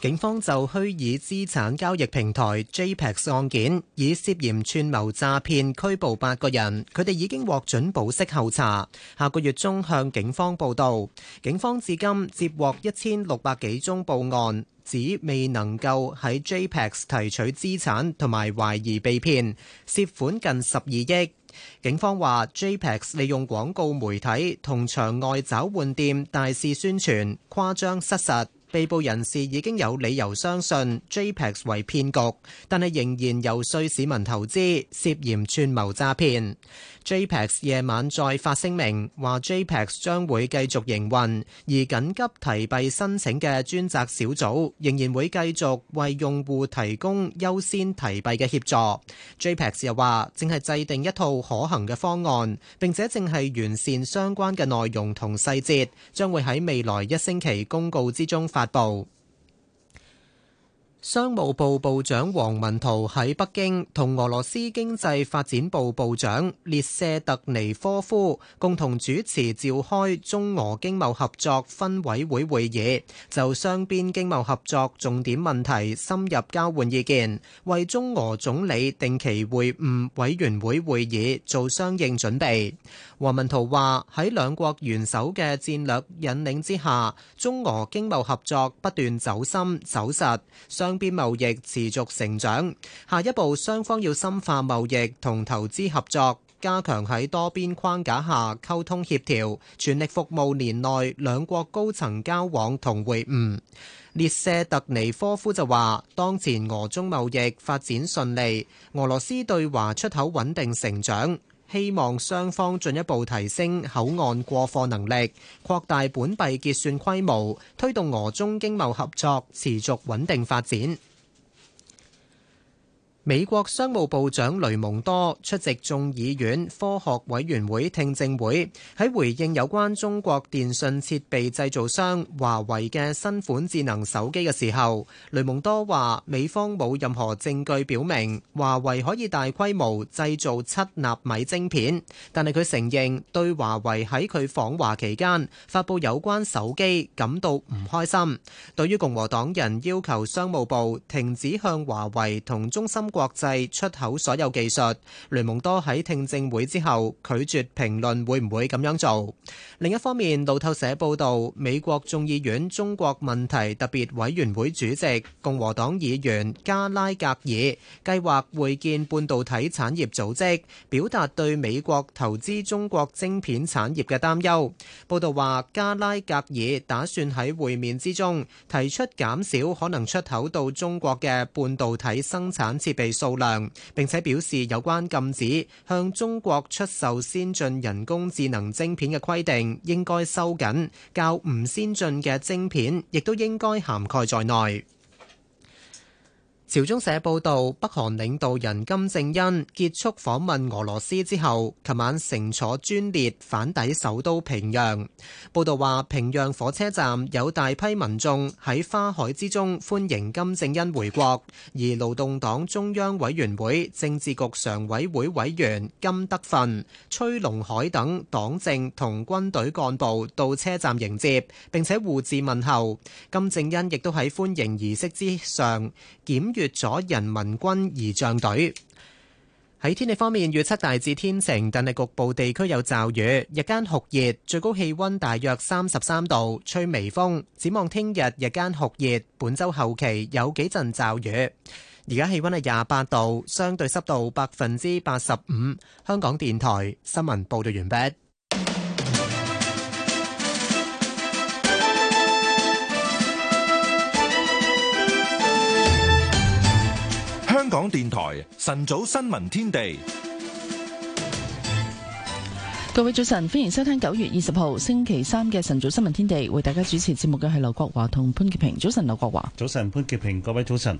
警方就虛擬資產交易平台 JPEX 案件，以涉嫌串謀詐騙拘捕八個人，佢哋已經獲准保釋候查，下個月中向警方報道。警方至今接獲一千六百幾宗報案，指未能夠喺 JPEX 提取資產，同埋懷疑被騙，涉款近十二億。警方話 JPEX 利用廣告媒體同場外找換店大肆宣傳，誇張失實。被捕人士已經有理由相信 JPEX 為騙局，但係仍然遊說市民投資，涉嫌串謀詐騙。JPEX 夜晚再發聲明，話 JPEX 將會繼續營運，而緊急提幣申請嘅專責小組仍然會繼續為用戶提供優先提幣嘅協助。JPEX 又話，正係制定一套可行嘅方案，並且正係完善相關嘅內容同細節，將會喺未來一星期公告之中發布。商務部部長王文濤喺北京同俄羅斯經濟發展部部長列舍特尼科夫共同主持召開中俄經貿合作分委會會議，就雙邊經貿合作重點問題深入交換意見，為中俄總理定期會晤委員會會議做相應準備。王文濤話：喺兩國元首嘅戰略引領之下，中俄經貿合作不斷走深走實。相雙邊貿易持續成長，下一步雙方要深化貿易同投資合作，加強喺多邊框架下溝通協調，全力服務年內兩國高層交往同會晤。列舍特尼科夫就話，當前俄中貿易發展順利，俄羅斯對華出口穩定成長。希望雙方進一步提升口岸過貨能力，擴大本幣結算規模，推動俄中經貿合作持續穩定發展。美國商務部長雷蒙多出席眾議院科學委員會聽證會，喺回應有關中國電信設備製造商華為嘅新款智能手機嘅時候，雷蒙多話美方冇任何證據表明華為可以大規模製造七納米晶片，但係佢承認對華為喺佢訪華期間發布有關手機感到唔開心。對於共和黨人要求商務部停止向華為同中芯。國際出口所有技術，雷蒙多喺聽證會之後拒絕評論會唔會咁樣做。另一方面，路透社報道，美國眾議院中國問題特別委員會主席共和黨議員加拉格爾計劃會見半導體產業組織，表達對美國投資中國晶片產業嘅擔憂。報道話，加拉格爾打算喺會面之中提出減少可能出口到中國嘅半導體生產設備。被數量，並且表示有關禁止向中國出售先進人工智能晶片嘅規定應該收緊，較唔先進嘅晶片亦都應該涵蓋在內。朝中社報道，北韓領導人金正恩結束訪問俄羅斯之後，琴晚乘坐專列返抵首都平壤。報道話，平壤火車站有大批民眾喺花海之中歡迎金正恩回國，而勞動黨中央委員會政治局常委會委員金德訓、崔龍海等黨政同軍隊幹部到車站迎接並且互致問候。金正恩亦都喺歡迎儀式之上檢閱越咗人民軍儀仗隊。喺天氣方面，預測大致天晴，但係局部地區有驟雨。日間酷熱，最高氣溫大約三十三度，吹微風。展望聽日日間酷熱，本周後期有幾陣驟雨。而家氣溫係廿八度，相對濕度百分之八十五。香港電台新聞報道完畢。香港電台晨早新聞天地，各位早晨，歡迎收聽九月二十號星期三嘅晨早新聞天地，為大家主持節目嘅係劉國華同潘潔平。早晨，劉國華，早晨，潘潔平，各位早晨。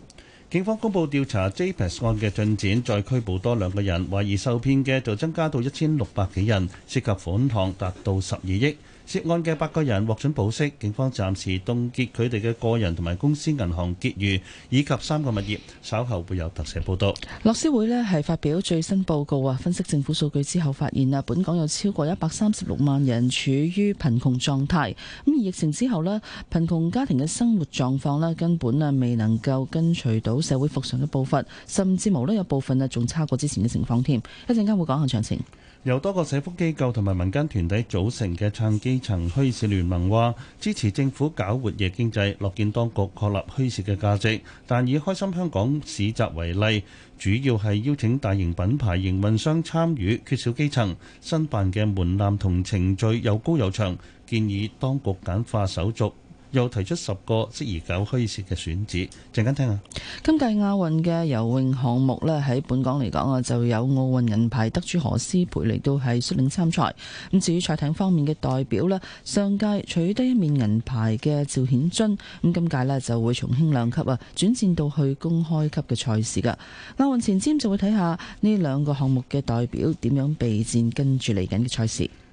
警方公佈調查 JPEX 案嘅進展，再拘捕多兩個人，懷疑受騙嘅就增加到一千六百幾人，涉及款項達到十二億。涉案嘅八個人獲准保釋，警方暫時凍結佢哋嘅個人同埋公司銀行結餘，以及三個物業。稍後會有特寫報道。樂施會呢係發表最新報告啊，分析政府數據之後發現啊，本港有超過一百三十六萬人處於貧窮狀態。咁而疫情之後呢，貧窮家庭嘅生活狀況呢，根本啊未能夠跟隨到社會復常嘅步伐，甚至無啦有部分啊仲差過之前嘅情況添。一陣間會講下詳情。由多個社福機構同埋民間團體組成嘅撐基層墟市聯盟話，支持政府搞活夜經濟，樂見當局確立墟市嘅價值，但以開心香港市集為例，主要係邀請大型品牌營運商參與，缺少基層，申辦嘅門檻同程序又高又長，建議當局簡化手續。又提出十個適宜苟虛設嘅選址，陣間聽下。今屆亞運嘅游泳項目呢，喺本港嚟講啊，就有奧運銀牌得主何詩蓓力都係率領參賽。咁至於賽艇方面嘅代表咧，上屆取得一面銀牌嘅趙顯臻，咁今屆咧就會從輕量級啊，轉戰到去公開級嘅賽事㗎。亞運前瞻就會睇下呢兩個項目嘅代表點樣備戰，跟住嚟緊嘅賽事。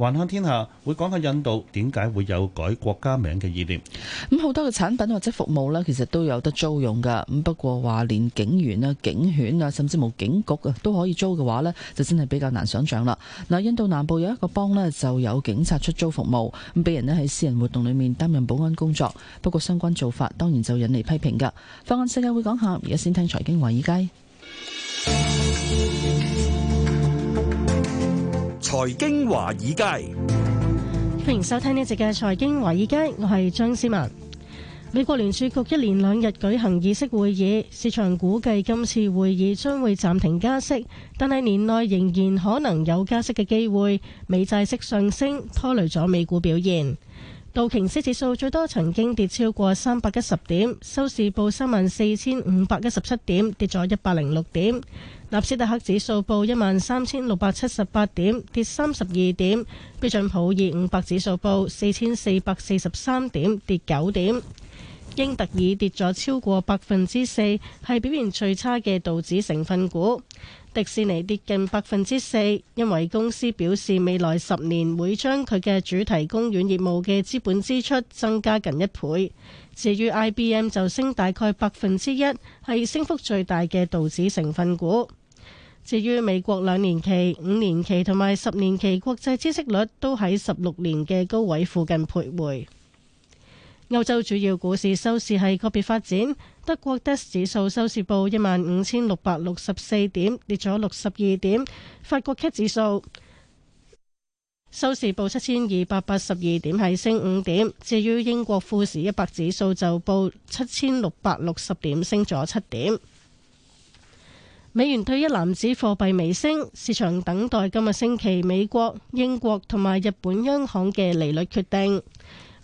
環球天下會講下印度點解會有改國家名嘅意念？咁好多嘅產品或者服務呢，其實都有得租用噶。咁不過話連警員啊、警犬啊，甚至冇警局啊都可以租嘅話呢，就真係比較難想象啦。嗱，印度南部有一個邦呢，就有警察出租服務，咁俾人咧喺私人活動裏面擔任保安工作。不過相關做法當然就引嚟批評嘅。放眼世界會講下，而家先聽財經華爾街。 財經華爾街，歡迎收聽呢一節嘅財經華爾街，我係張思文。美國聯儲局一連兩日舉行議息會議，市場估計今次會議將會暫停加息，但係年內仍然可能有加息嘅機會。美債息上升拖累咗美股表現。道瓊斯指數最多曾經跌超過三百一十點，收市報三萬四千五百一十七點，跌咗一百零六點。納斯達克指數報一萬三千六百七十八點，跌三十二點。標準普爾五百指數報四千四百四十三點，跌九點。英特爾跌咗超過百分之四，係表現最差嘅道指成分股。迪士尼跌近百分之四，因為公司表示未來十年會將佢嘅主題公園業務嘅資本支出增加近一倍。至於 IBM 就升大概百分之一，係升幅最大嘅道指成分股。至於美國兩年期、五年期同埋十年期國債息率都喺十六年嘅高位附近徘徊。歐洲主要股市收市係個別發展。德國 DAX 指數收市報一萬五千六百六十四點，跌咗六十二點。法國 CAC 指數收市報七千二百八十二點，係升五點。至於英國富時一百指數就報七千六百六十點，升咗七點。美元兌一籃子貨幣微升，市場等待今個星期美國、英國同埋日本央行嘅利率決定。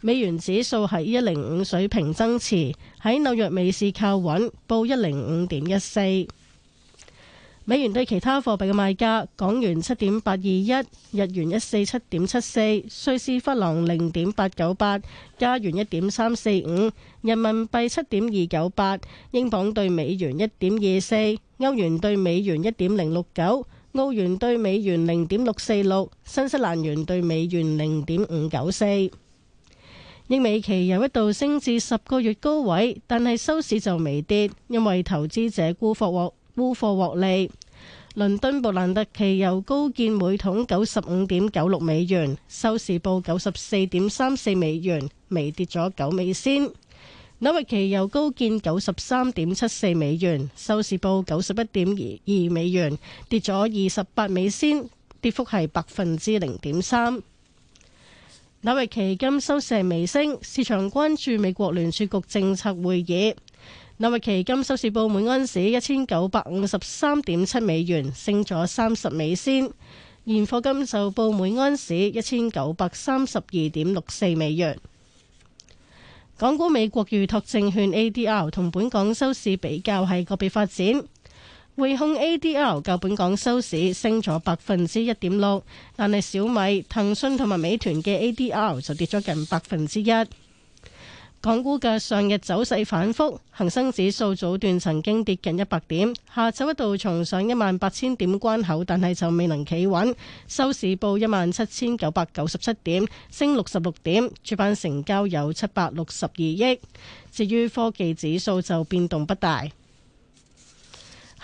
美元指數喺一零五水平增持，喺紐約美市靠穩，報一零五點一四。美元對其他貨幣嘅賣價：港元七點八二一，日元一四七點七四，瑞士法郎零點八九八，加元一點三四五，人民幣七點二九八，英鎊對美元一點二四，歐元對美元一點零六九，澳元對美元零點六四六，新西蘭元對美元零點五九四。英美期油一度升至十個月高位，但係收市就微跌，因為投資者沽貨獲沽貨獲利。倫敦布蘭特期油高見每桶九十五點九六美元，收市報九十四點三四美元，微跌咗九美仙。紐約期油高見九十三點七四美元，收市報九十一點二二美元，跌咗二十八美仙，跌幅係百分之零點三。紐約期金收市微升，市場關注美國聯儲局政策會議。紐約期金收市報每安士一千九百五十三點七美元，升咗三十美仙。現貨金售報每安士一千九百三十二點六四美元。港股美，美國預託證券 ADR 同本港收市比較係個別發展。匯控 ADR 較本港收市升咗百分之一點六，但係小米、騰訊同埋美團嘅 ADR 就跌咗近百分之一。港股嘅上日走勢反覆，恒生指數早段曾經跌近一百點，下晝一度重上一萬八千點關口，但係就未能企穩，收市報一萬七千九百九十七點，升六十六點，主板成交有七百六十二億。至於科技指數就變動不大。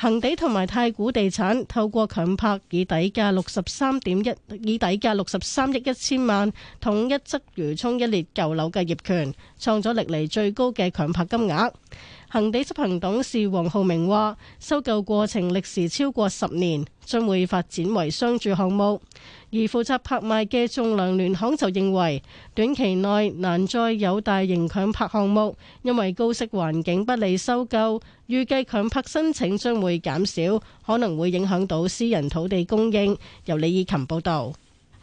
恒地同埋太古地產透過強拍，以底價六十三點一，以底價六十三億一千萬，統一鰂魚涌一列舊樓嘅業權，創咗歷嚟最高嘅強拍金額。恒地執行董事黃浩明話，收購過程歷時超過十年，將會發展為商住項目。而負責拍賣嘅仲量聯行就認為，短期內難再有大型強拍項目，因為高息環境不利收購，預計強拍申請將會減少，可能會影響到私人土地供應。由李以琴報導。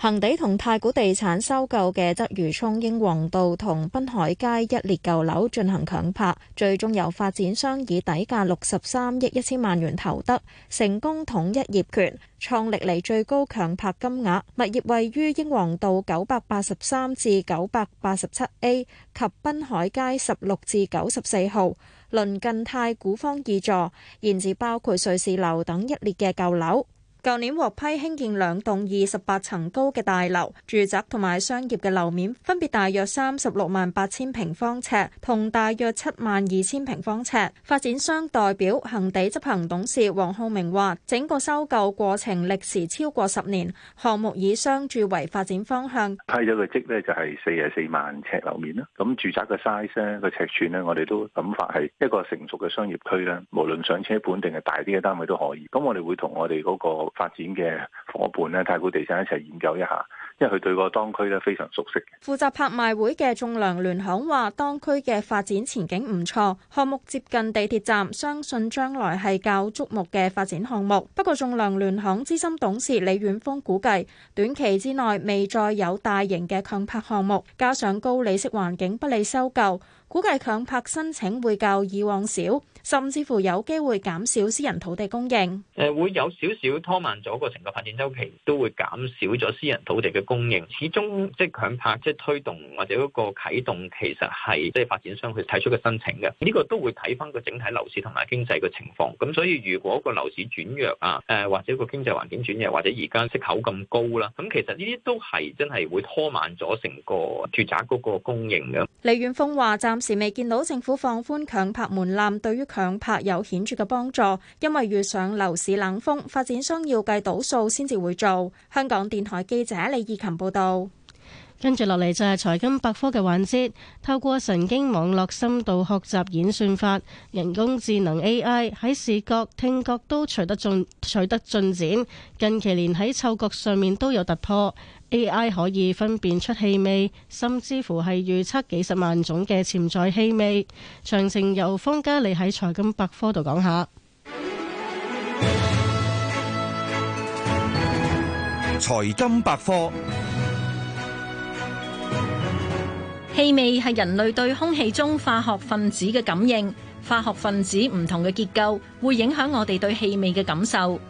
恒地同太古地產收購嘅鰂魚涌英皇道同濱海街一列舊樓進行強拍，最終由發展商以底價六十三億一千萬元投得，成功統一業權，創歷嚟最高強拍金額。物業位於英皇道九百八十三至九百八十七 A 及濱海街十六至九十四號，鄰近太古坊二座，現時包括瑞士樓等一列嘅舊樓。舊年獲批興建兩棟二十八層高嘅大樓，住宅同埋商業嘅樓面分別大約三十六萬八千平方尺同大約七萬二千平方尺。發展商代表恒地執行董事黃浩明話，整個收購過程歷時超過十年，項目以商住為發展方向。批咗嘅積呢就係四十四萬尺樓面啦，咁住宅嘅 size 咧，個尺寸呢，我哋都諗法係一個成熟嘅商業區咧，無論上車本定係大啲嘅單位都可以。咁我哋會同我哋嗰個。發展嘅伙伴咧，太古地產一齊研究一下，因為佢對個當區咧非常熟悉。負責拍賣會嘅仲量聯行話，當區嘅發展前景唔錯，項目接近地鐵站，相信將來係較矚目嘅發展項目。不過，仲量聯行資深董事李遠峰估計，短期之內未再有大型嘅強拍項目，加上高利息環境不利收購，估計強拍申請會較以往少。甚至乎有機會減少私人土地供應，誒會有少少拖慢咗個成個發展周期，都會減少咗私人土地嘅供應。始終即係強拍，即係推動或者嗰個啟動，其實係即係發展商去提出嘅申請嘅。呢、這個都會睇翻個整體樓市同埋經濟嘅情況，咁所以如果個樓市轉弱啊，誒、呃、或者個經濟環境轉弱，或者而家息口咁高啦，咁其實呢啲都係真係會拖慢咗成個住宅嗰個供應嘅。李遠峰話暫時未見到政府放寬強拍門檻對於。強上拍有顯著嘅幫助，因為遇上樓市冷風，發展商要計到數先至會做。香港電台記者李義琴報導。跟住落嚟就係財經百科嘅環節，透過神經網絡深度學習演算法，人工智能 AI 喺視覺、聽覺都取得進取得進展，近期連喺嗅覺上面都有突破。AI 可以分辨出氣味，甚至乎係預測幾十萬種嘅潛在氣味。詳情由方嘉利喺財金百科度講下。財金百科。氣味係人類對空氣中化學分子嘅感應。化學分子唔同嘅結構會影響我哋對氣味嘅感受。mo too speaking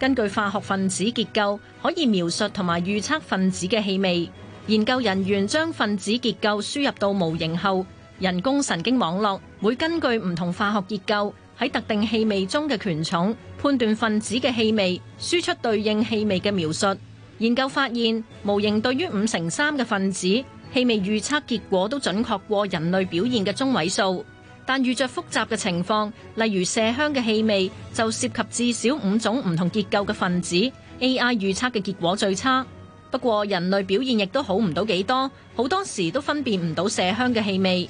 根據化學分子結構，可以描述同埋預測分子嘅氣味。研究人員將分子結構輸入到模型後，人工神經網絡會根據唔同化學結構喺特定氣味中嘅權重，判斷分子嘅氣味，輸出對應氣味嘅描述。研究發現，模型對於五成三嘅分子氣味預測結果都準確過人類表現嘅中位數。但遇着複雜嘅情況，例如麝香嘅氣味，就涉及至少五種唔同結構嘅分子。AI 預測嘅結果最差。不過人類表現亦都好唔到幾多，好多時都分辨唔到麝香嘅氣味。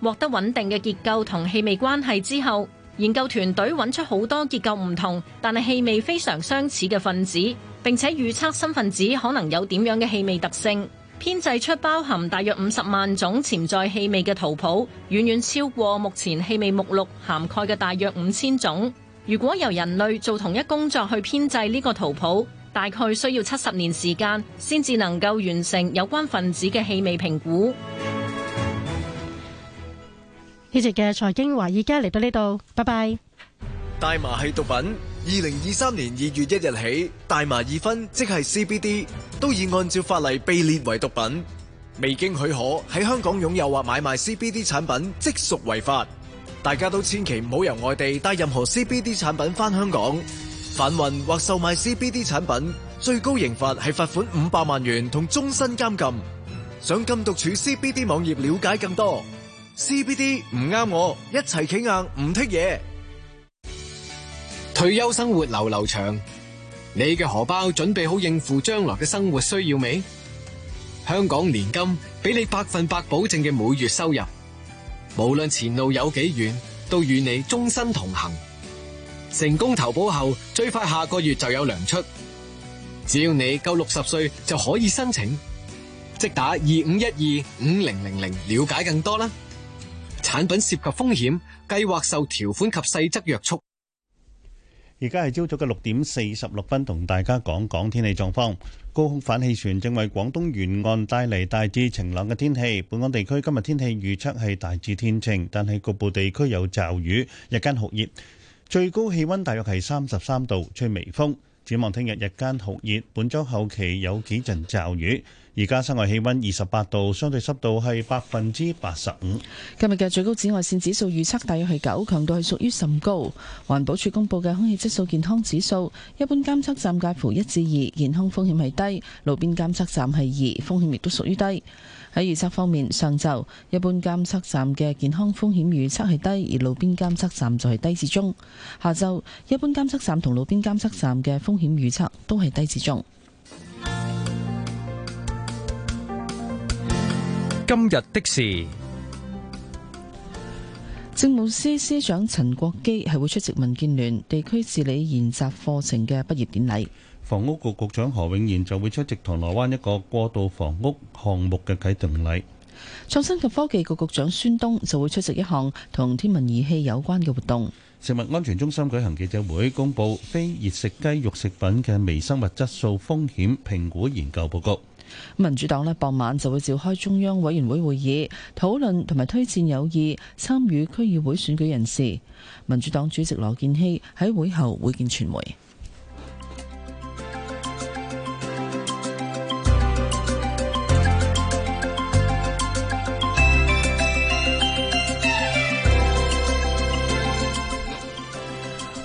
獲得穩定嘅結構同氣味關係之後，研究團隊揾出好多結構唔同但係氣味非常相似嘅分子，並且預測新分子可能有點樣嘅氣味特性。編製出包含大約五十萬種潛在氣味嘅圖譜，遠遠超過目前氣味目錄涵蓋嘅大約五千種。如果由人類做同一工作去編製呢個圖譜，大概需要七十年時間先至能夠完成有關分子嘅氣味評估。呢節嘅財經華爾街嚟到呢度，拜拜。大麻係毒品。二零二三年二月一日起，大麻二酚即係 CBD，都已按照法例被列為毒品。未經許可喺香港擁有或買賣 CBD 產品，即屬違法。大家都千祈唔好由外地帶任何 CBD 產品翻香港。販運或售賣 CBD 產品，最高刑罰係罰款五百萬元同終身監禁。想禁毒處 CBD 網頁了解更多。CBD 唔啱我，一齊企硬唔 Take 嘢。退休生活流流長，你嘅荷包準備好應付將來嘅生活需要未？香港年金俾你百分百保證嘅每月收入，無論前路有幾遠，都與你終身同行。成功投保後，最快下個月就有糧出。只要你夠六十歲就可以申請，即打二五一二五零零零了解更多啦。產品涉及風險，計劃受條款及細則約束。而家係朝早嘅六點四十六分，同大家講講天氣狀況。高空反氣旋正為廣東沿岸帶嚟大致晴朗嘅天氣。本港地區今日天氣預測係大致天晴，但係局部地區有驟雨，日間酷熱，最高氣溫大約係三十三度，吹微風。展望聽日日間酷熱，本周後期有幾陣驟雨。而家室外氣溫二十八度，相對濕度係百分之八十五。今日嘅最高紫外線指數預測大約係九，強度係屬於甚高。環保署公布嘅空氣質素健康指數，一般監測站介乎一至二，健康風險係低；路邊監測站係二，風險亦都屬於低。喺預測方面，上晝一般監測站嘅健康風險預測係低，而路邊監測站就係低至中。下晝一般監測站同路邊監測站嘅風險預測都係低至中。今日的事，政務司司長陳國基係會出席民建聯地區治理研習課程嘅畢業典禮。房屋局局長何永賢就會出席銅鑼灣一個過渡房屋項目嘅啟動禮。創新及科技局局長孫東就會出席一項同天文儀器有關嘅活動。食物安全中心舉行記者會，公布非熱食雞肉食品嘅微生物質素風險評估研究報告。民主黨呢傍晚就會召開中央委員會會議，討論同埋推薦有意參與區議會選舉人士。民主黨主席羅健熙喺會後會見傳媒。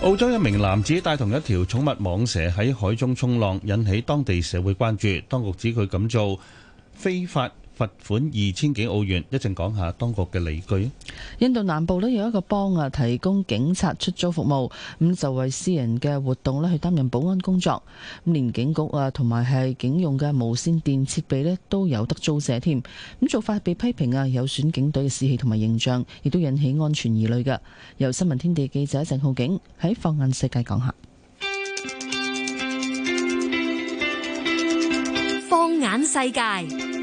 澳洲一名男子帶同一條寵物蟒蛇喺海中沖浪，引起當地社會關注。當局指佢咁做非法。罰款二千幾澳元，一陣講下當局嘅理據。印度南部咧有一個邦啊，提供警察出租服務，咁就為私人嘅活動咧去擔任保安工作，咁連警局啊同埋係警用嘅無線電設備咧都有得租借添，咁做法被批評啊有損警隊嘅士氣同埋形象，亦都引起安全疑慮嘅。由新聞天地記者鄭浩景喺放眼世界講下，放眼世界。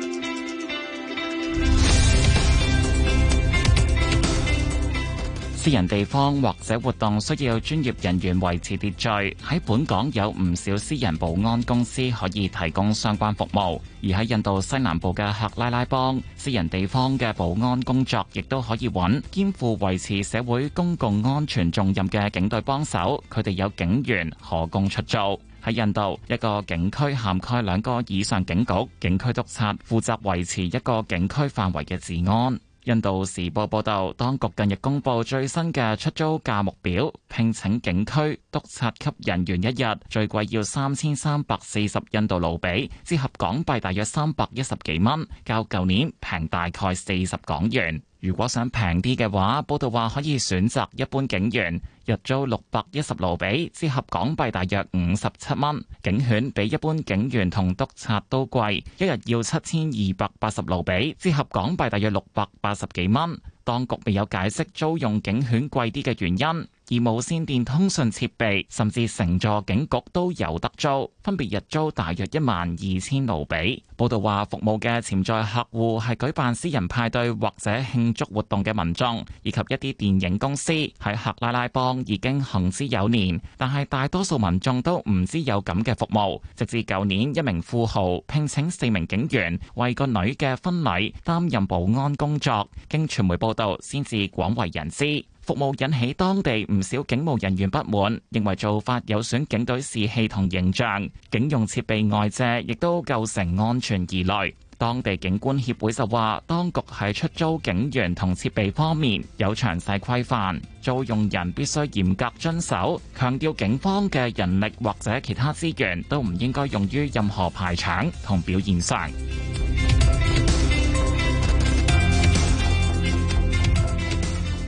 私人地方或者活動需要專業人員維持秩序，喺本港有唔少私人保安公司可以提供相關服務，而喺印度西南部嘅克拉拉邦，私人地方嘅保安工作亦都可以揾，肩負維持社會公共安全重任嘅警隊幫手，佢哋有警員可供出租。喺印度，一個警區涵蓋兩個以上警局，警區督察，負責維持一個警區範圍嘅治安。印度時報報道，當局近日公布最新嘅出租價目表，聘請警區督察級人員一日最貴要三千三百四十印度盧比，折合港幣大約三百一十幾蚊，較舊年平大概四十港元。如果想平啲嘅話，報道話可以選擇一般警員，日租六百一十盧比，折合港幣大約五十七蚊。警犬比一般警員同督察都貴，一日要七千二百八十盧比，折合港幣大約六百八十幾蚊。當局未有解釋租用警犬貴啲嘅原因。而無綫電通訊設備甚至乘坐警局都有得租，分別日租大約一萬二千盧比。報道話，服務嘅潛在客戶係舉辦私人派對或者慶祝活動嘅民眾，以及一啲電影公司喺克拉拉邦已經行之有年，但係大多數民眾都唔知有咁嘅服務，直至舊年一名富豪聘請四名警員為個女嘅婚禮擔任保安工作，經傳媒報道先至廣為人知。服務引起當地唔少警務人員不滿，認為做法有損警隊士氣同形象。警用設備外借亦都構成安全疑慮。當地警官協會就話，當局喺出租警員同設備方面有詳細規範，租用人必須嚴格遵守，強調警方嘅人力或者其他資源都唔應該用於任何排場同表現上。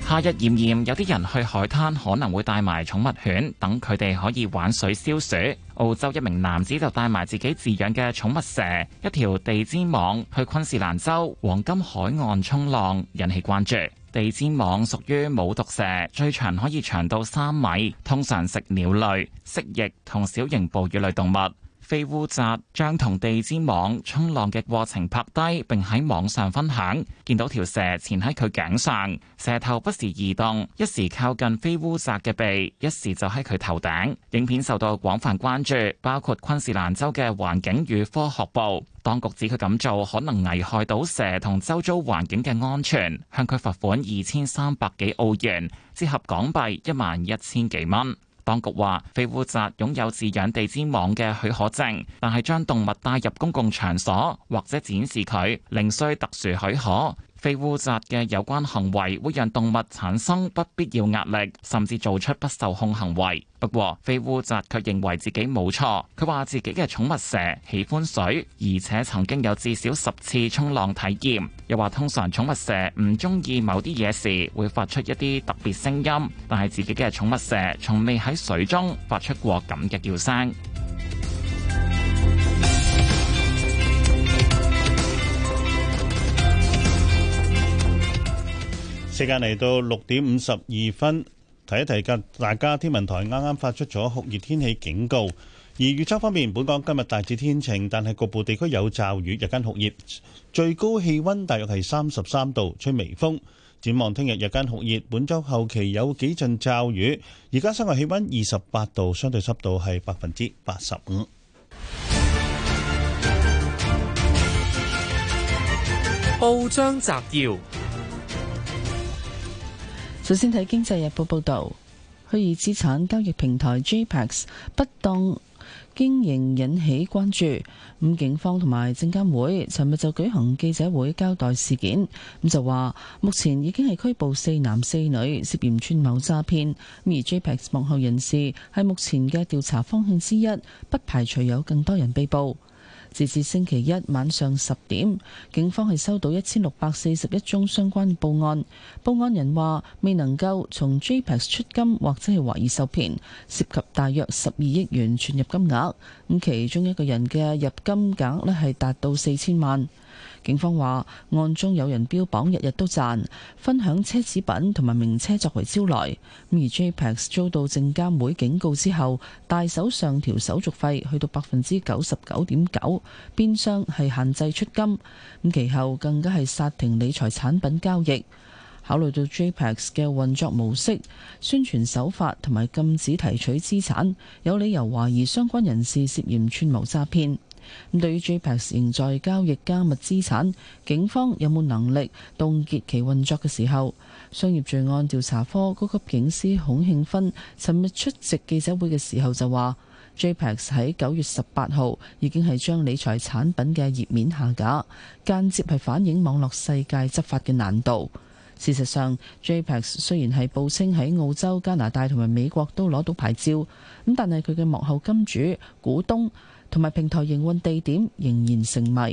夏日炎炎，有啲人去海灘可能會帶埋寵物犬，等佢哋可以玩水消暑。澳洲一名男子就帶埋自己飼養嘅寵物蛇一條地氈蟒去昆士蘭州黃金海岸沖浪，引起關注。地氈蟒屬於冇毒蛇，最長可以長到三米，通常食鳥類、蜥蜴同小型哺乳類動物。菲烏扎將同地氈網衝浪嘅過程拍低，並喺網上分享，見到條蛇纏喺佢頸上，蛇頭不時移動，一時靠近菲烏扎嘅鼻，一時就喺佢頭頂。影片受到廣泛關注，包括昆士蘭州嘅環境與科學部。當局指佢咁做可能危害到蛇同周遭環境嘅安全，向佢罰款二千三百幾澳元，折合港幣一萬一千幾蚊。當局話，非烏澤擁有飼養地氈蟒嘅許可證，但係將動物帶入公共場所或者展示佢，另需特殊許可。非護宅嘅有關行為會讓動物產生不必要壓力，甚至做出不受控行為。不過，非護宅卻認為自己冇錯。佢話自己嘅寵物蛇喜歡水，而且曾經有至少十次衝浪體驗。又話通常寵物蛇唔中意某啲嘢時會發出一啲特別聲音，但係自己嘅寵物蛇從未喺水中發出過咁嘅叫聲。時間嚟到六點五十二分，提一提大家，天文台啱啱發出咗酷熱天氣警告。而預測方面，本港今日大致天晴，但係局部地區有驟雨，日間酷熱，最高氣溫大約係三十三度，吹微風。展望聽日日間酷熱，本周後期有幾陣驟雨。而家室外氣溫二十八度，相對濕度係百分之八十五。報章摘要。首先睇《經濟日報》報道，虛擬資產交易平台 JPEX 不當經營引起關注。咁警方同埋證監會尋日就舉行記者會交代事件，咁就話目前已經係拘捕四男四女涉嫌串謀詐騙，而 JPEX 幕後人士係目前嘅調查方向之一，不排除有更多人被捕。截至星期一晚上十點，警方係收到一千六百四十一宗相關報案。報案人話未能夠從 JPEX 出金，或者係懷疑受騙，涉及大約十二億元存入金額。咁其中一個人嘅入金額咧係達到四千萬。警方話，案中有人標榜日日都賺，分享奢侈品同埋名車作為招來。而 JPEX 遭到證監會警告之後，大手上調手續費去到百分之九十九點九，變相係限制出金。咁其後更加係剎停理財產品交易。考慮到 JPEX 嘅運作模式、宣傳手法同埋禁止提取資產，有理由懷疑相關人士涉嫌串謀詐騙。咁對於 JPEX 仍在交易加密資產，警方有冇能力凍結其運作嘅時候，商業罪案調查科高級警司孔慶芬尋日出席記者會嘅時候就話：JPEX 喺九月十八號已經係將理財產品嘅頁面下架，間接係反映網絡世界執法嘅難度。事實上，JPEX 雖然係報稱喺澳洲、加拿大同埋美國都攞到牌照，咁但係佢嘅幕後金主、股東。同埋平台營運地點仍然成謎，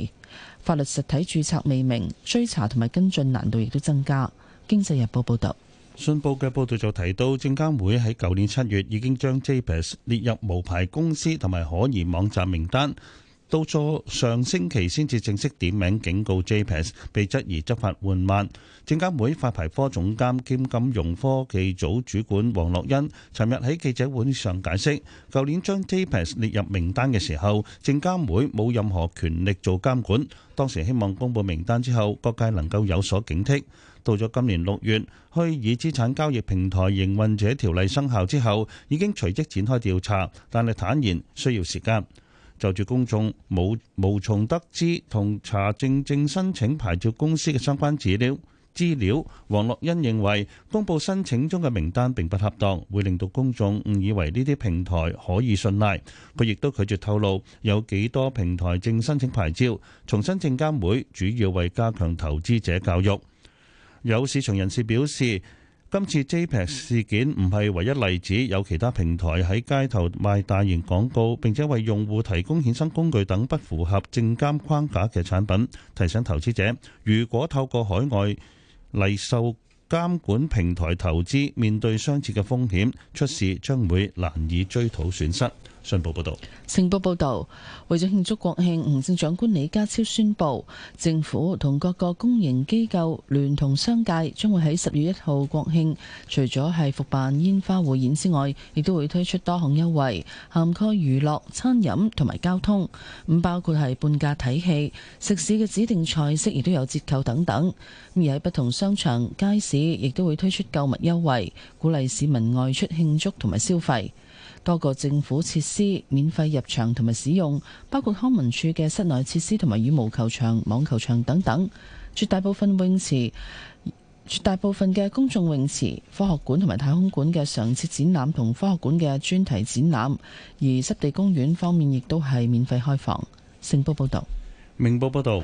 法律實體註冊未明，追查同埋跟進難度亦都增加。經濟日報報道，信報嘅報道就提到，證監會喺舊年七月已經將 JPEX 列入無牌公司同埋可疑網站名單。到咗上星期先至正式點名警告 JPEX，被質疑執法緩慢。證監會發牌科總監兼金融科技組主管黃樂欣，尋日喺記者會上解釋，舊年將 JPEX 列入名單嘅時候，證監會冇任何權力做監管，當時希望公布名單之後，各界能夠有所警惕。到咗今年六月，虛擬資產交易平台營運者條例生效之後，已經隨即展開調查，但係坦言需要時間。就住公眾冇無，無從得知同查證，正申請牌照公司嘅相關資料資料，黃樂欣認為公布申請中嘅名單並不恰當，會令到公眾誤以為呢啲平台可以信賴，佢亦都拒絕透露有幾多平台正申請牌照。重申證監會主要為加強投資者教育。有市場人士表示。今次 JPEX 事件唔係唯一例子，有其他平台喺街頭賣大型廣告，並且為用戶提供衍生工具等不符合證監框架嘅產品。提醒投資者，如果透過海外未受監管平台投資，面對相似嘅風險，出事，將會難以追討損失。信報報道：「信報報導，為咗慶祝國慶，行政長官李家超宣布，政府同各個公營機構聯同商界，將會喺十月一號國慶，除咗係復辦煙花匯演之外，亦都會推出多項優惠，涵蓋娛樂、餐飲同埋交通。咁包括係半價睇戲、食肆嘅指定菜式亦都有折扣等等。而喺不同商場、街市亦都會推出購物優惠，鼓勵市民外出慶祝同埋消費。多個政府設施免費入場同埋使用，包括康文署嘅室內設施同埋羽毛球場、網球場等等。絕大部分泳池、絕大部分嘅公眾泳池、科學館同埋太空館嘅常設展覽同科學館嘅專題展覽，而濕地公園方面亦都係免費開放。星報報道，明報報道。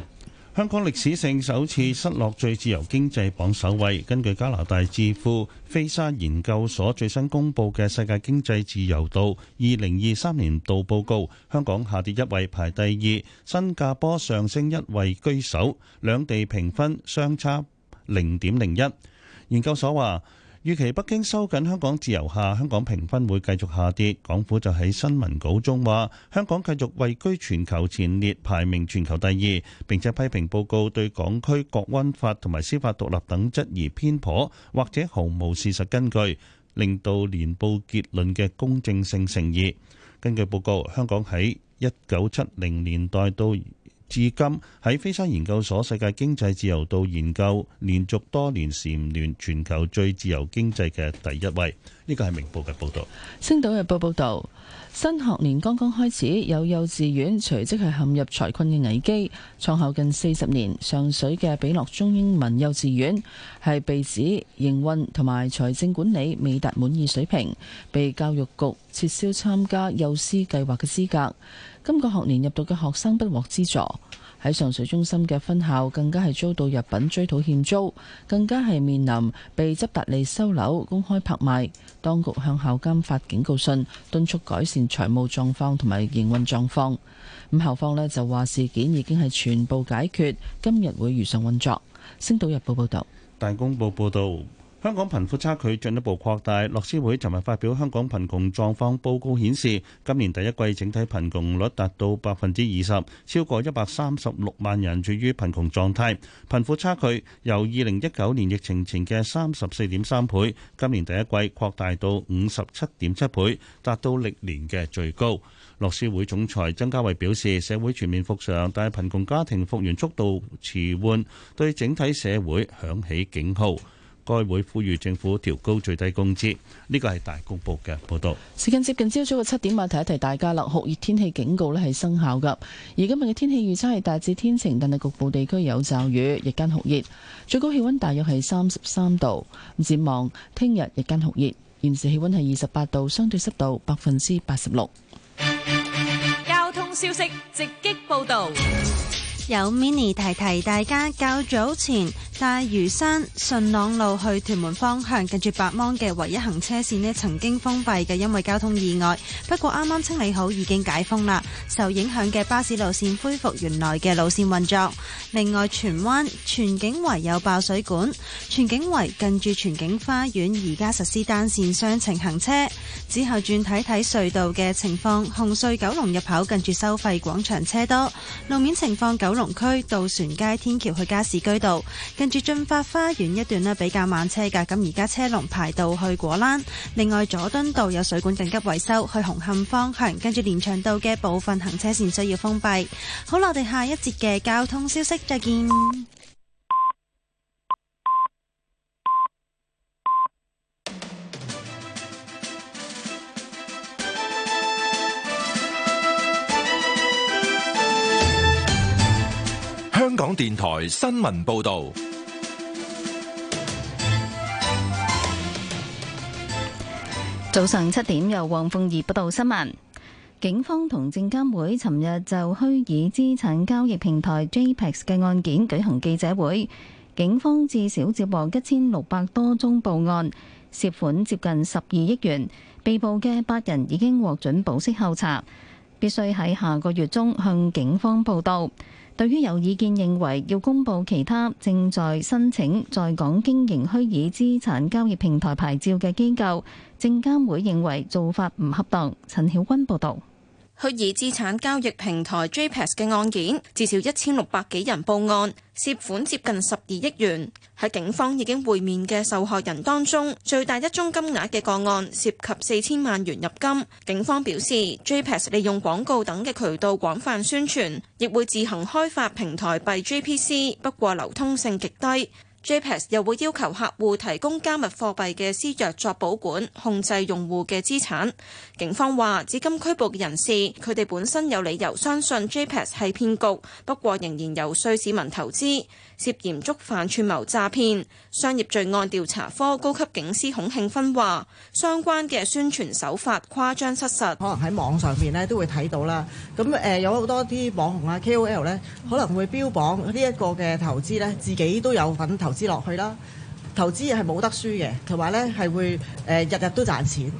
香港歷史性首次失落最自由經濟榜首位，根據加拿大智庫菲沙研究所最新公布嘅《世界經濟自由度二零二三年度報告》，香港下跌一位排第二，新加坡上升一位居首，兩地評分相差零點零一。研究所話，預期北京收緊香港自由下，香港評分會繼續下跌。港府就喺新聞稿中話香港繼續位居全球前列，排名全球第二。並且批評報告對港區國安法同埋司法獨立等質疑偏頗或者毫無事實根據，令到年報結論嘅公正性成疑。根據報告，香港喺一九七零年代到至今喺菲沙研究所世界經濟自由度研究連續多年蟬聯全球最自由經濟嘅第一位，呢個係明報嘅報道。星島日報報道，新學年剛剛開始，有幼稚園隨即係陷入財困嘅危機。創校近四十年，上水嘅比樂中英文幼稚園，係被指營運同埋財政管理未達滿意水平，被教育局撤銷參加幼師計劃嘅資格。今個學年入讀嘅學生不獲資助，喺上水中心嘅分校更加係遭到入稟追討欠租，更加係面臨被執達利收樓、公開拍賣。當局向校監發警告信，敦促改善財務狀況同埋營運狀況。咁校方呢就話事件已經係全部解決，今日會如常運作。星島日報報道，大公報報道。香港貧富差距進一步擴大。樂施會尋日發表《香港貧窮狀況報告》，顯示今年第一季整體貧窮率達到百分之二十，超過一百三十六萬人處於貧窮狀態。貧富差距由二零一九年疫情前嘅三十四點三倍，今年第一季擴大到五十七點七倍，達到歷年嘅最高。樂施會總裁曾迦慧表示，社會全面復常，但係貧窮家庭復原速度遲緩，對整體社會響起警號。該會呼籲政府調高最低工資，呢個係大公報嘅報道。時間接近朝早嘅七點啊，提一提大家啦，酷熱天氣警告咧係生效噶。而今日嘅天氣預測係大致天晴，但係局部地區有驟雨，日間酷熱，最高氣溫大約係三十三度。展望聽日日間酷熱，現時氣溫係二十八度，相對濕度百分之八十六。交通消息直擊報道。有 mini 提提大家，較早前大嶼山順朗路去屯門方向，近住白芒嘅唯一行車線咧，曾經封閉嘅，因為交通意外。不過啱啱清理好，已經解封啦。受影響嘅巴士路綫恢復原來嘅路綫運作。另外，荃灣荃景圍有爆水管，荃景圍近住荃景花園而家實施單線雙程行車。之後轉睇睇隧道嘅情況，紅隧九龍入口近住收費廣場車多，路面情況九龍區渡船街天橋去加士居道，跟住駿發花園一段咧，比較慢車噶，咁而家車龍排到去果欄。另外，佐敦道有水管緊急維修，去紅磡方向，跟住連翔道嘅部分行車線需要封閉。好啦，我哋下一節嘅交通消息再見。香港電台新聞報道，早上七點由黃鳳儀報道新聞。警方同證監會尋日就虛擬資產交易平台 JPEX 嘅案件舉行記者會。警方至少接獲一千六百多宗報案，涉款接近十二億元。被捕嘅八人已經獲准保釋候查，必須喺下個月中向警方報到。對於有意見認為要公布其他正在申請在港經營虛擬資產交易平台牌照嘅機構，證監會認為做法唔恰當。陳曉君報導。虛擬資產交易平台 JPEX 嘅案件，至少一千六百幾人報案，涉款接近十二億元。喺警方已經會面嘅受害人當中，最大一宗金額嘅個案涉及四千萬元入金。警方表示，JPEX 利用廣告等嘅渠道廣泛宣傳，亦會自行開發平台幣 JPC，不過流通性極低。JPEX 又會要求客戶提供加密貨幣嘅私鑰作保管，控制用戶嘅資產。警方話，至今拘捕嘅人士，佢哋本身有理由相信 JPEX 係騙局，不過仍然遊說市民投資。涉嫌觸犯串謀詐騙商業罪案調查科高級警司孔慶芬話：相關嘅宣傳手法誇張失實，可能喺網上面呢都會睇到啦。咁誒有好多啲網紅啊、KOL 呢可能會標榜呢一個嘅投資呢自己都有份投資落去啦。投資係冇得輸嘅，同埋呢係會誒、呃、日日都賺錢。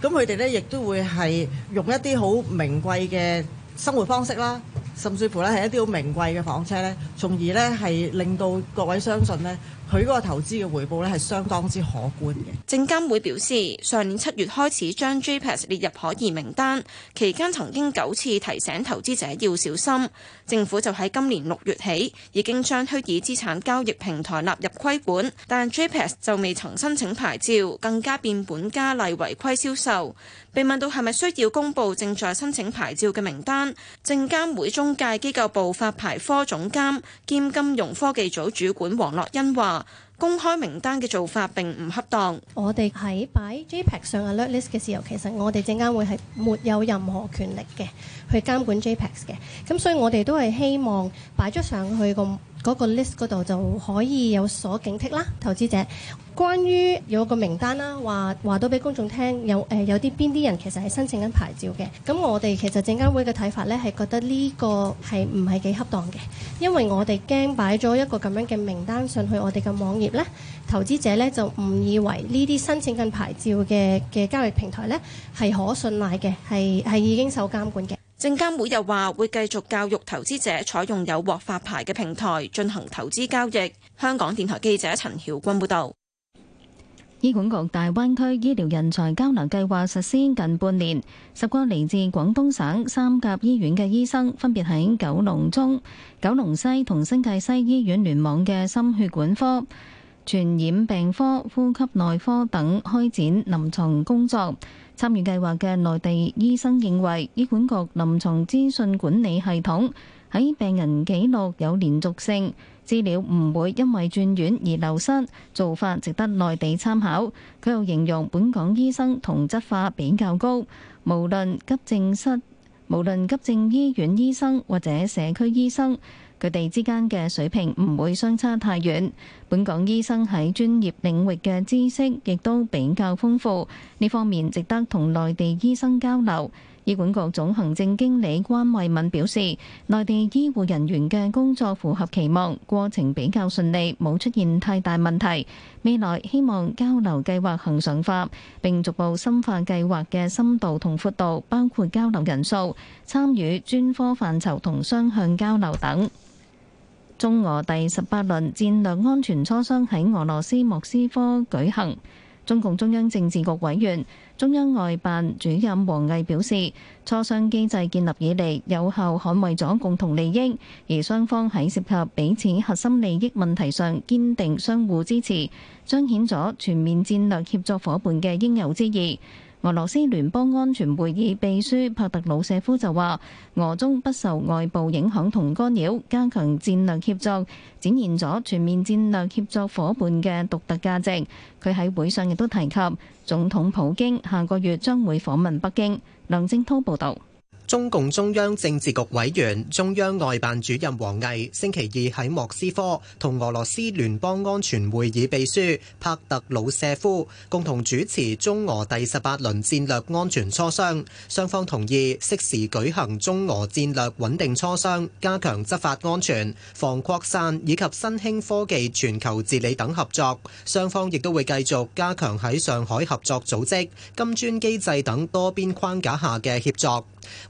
咁佢哋呢亦都會係用一啲好名貴嘅生活方式啦。甚至乎咧，係一啲好名貴嘅房車咧，從而咧係令到各位相信咧，佢嗰個投資嘅回報咧係相當之可觀嘅。證監會表示，上年七月開始將 GPS 列入可疑名單，期間曾經九次提醒投資者要小心。政府就喺今年六月起已經將虛擬資產交易平台納入規管，但 JPEX 就未曾申請牌照，更加變本加厲違規銷售。被問到係咪需要公佈正在申請牌照嘅名單，證監會中介機構部發牌科總監兼金融科技組主管黃樂恩話。公開名單嘅做法並唔恰當。我哋喺擺 JPEX 上嘅 alert list 嘅時候，其實我哋證監會係沒有任何權力嘅去監管 JPEX 嘅。咁所以我哋都係希望擺咗上去個。嗰個 list 嗰度就可以有所警惕啦，投資者。關於有個名單啦，話話到俾公眾聽有誒、呃、有啲邊啲人其實係申請緊牌照嘅。咁我哋其實證監會嘅睇法咧，係覺得呢個係唔係幾恰當嘅，因為我哋驚擺咗一個咁樣嘅名單上去我哋嘅網頁咧，投資者咧就誤以為呢啲申請緊牌照嘅嘅交易平台咧係可信賴嘅，係係已經受監管嘅。證監會又話會繼續教育投資者採用有獲發牌嘅平台進行投資交易。香港電台記者陳曉君報導。醫管局大灣區醫療人才交流計劃實施近半年，十個嚟自廣東省三甲醫院嘅醫生，分別喺九龍中、九龍西同新界西醫院聯網嘅心血管科、傳染病科、呼吸內科等開展臨床工作。參與計劃嘅內地醫生認為，醫管局臨床資訊管理系統喺病人記錄有連續性，資料唔會因為轉院而流失，做法值得內地參考。佢又形容本港醫生同質化比較高，無論急症室，無論急症醫院醫生或者社區醫生。佢哋之間嘅水平唔會相差太遠。本港醫生喺專業領域嘅知識亦都比較豐富，呢方面值得同內地醫生交流。醫管局總行政經理關慧敏表示，內地醫護人員嘅工作符合期望，過程比較順利，冇出現太大問題。未來希望交流計劃恆常化，並逐步深化計劃嘅深度同闊度，包括交流人數、參與專科範疇同雙向交流等。中俄第十八輪戰略安全磋商喺俄羅斯莫斯科舉行。中共中央政治局委員、中央外辦主任王毅表示，磋商機制建立以嚟有效捍衛咗共同利益，而雙方喺涉及彼此核心利益問題上堅定相互支持，彰顯咗全面戰略協作夥伴嘅應有之義。俄羅斯聯邦安全會議秘書帕特魯舍夫就話：俄中不受外部影響同干擾，加強戰略協作，展現咗全面戰略協作夥伴嘅獨特價值。佢喺會上亦都提及，總統普京下個月將會訪問北京。梁正濤報道。中共中央政治局委員、中央外辦主任王毅星期二喺莫斯科同俄羅斯聯邦安全會議秘書帕特魯舍夫共同主持中俄第十八輪戰略安全磋商，雙方同意適時舉行中俄戰略穩定磋商，加強執法安全、防擴散以及新興科技全球治理等合作。雙方亦都會繼續加強喺上海合作組織、金磚機制等多邊框架下嘅協作。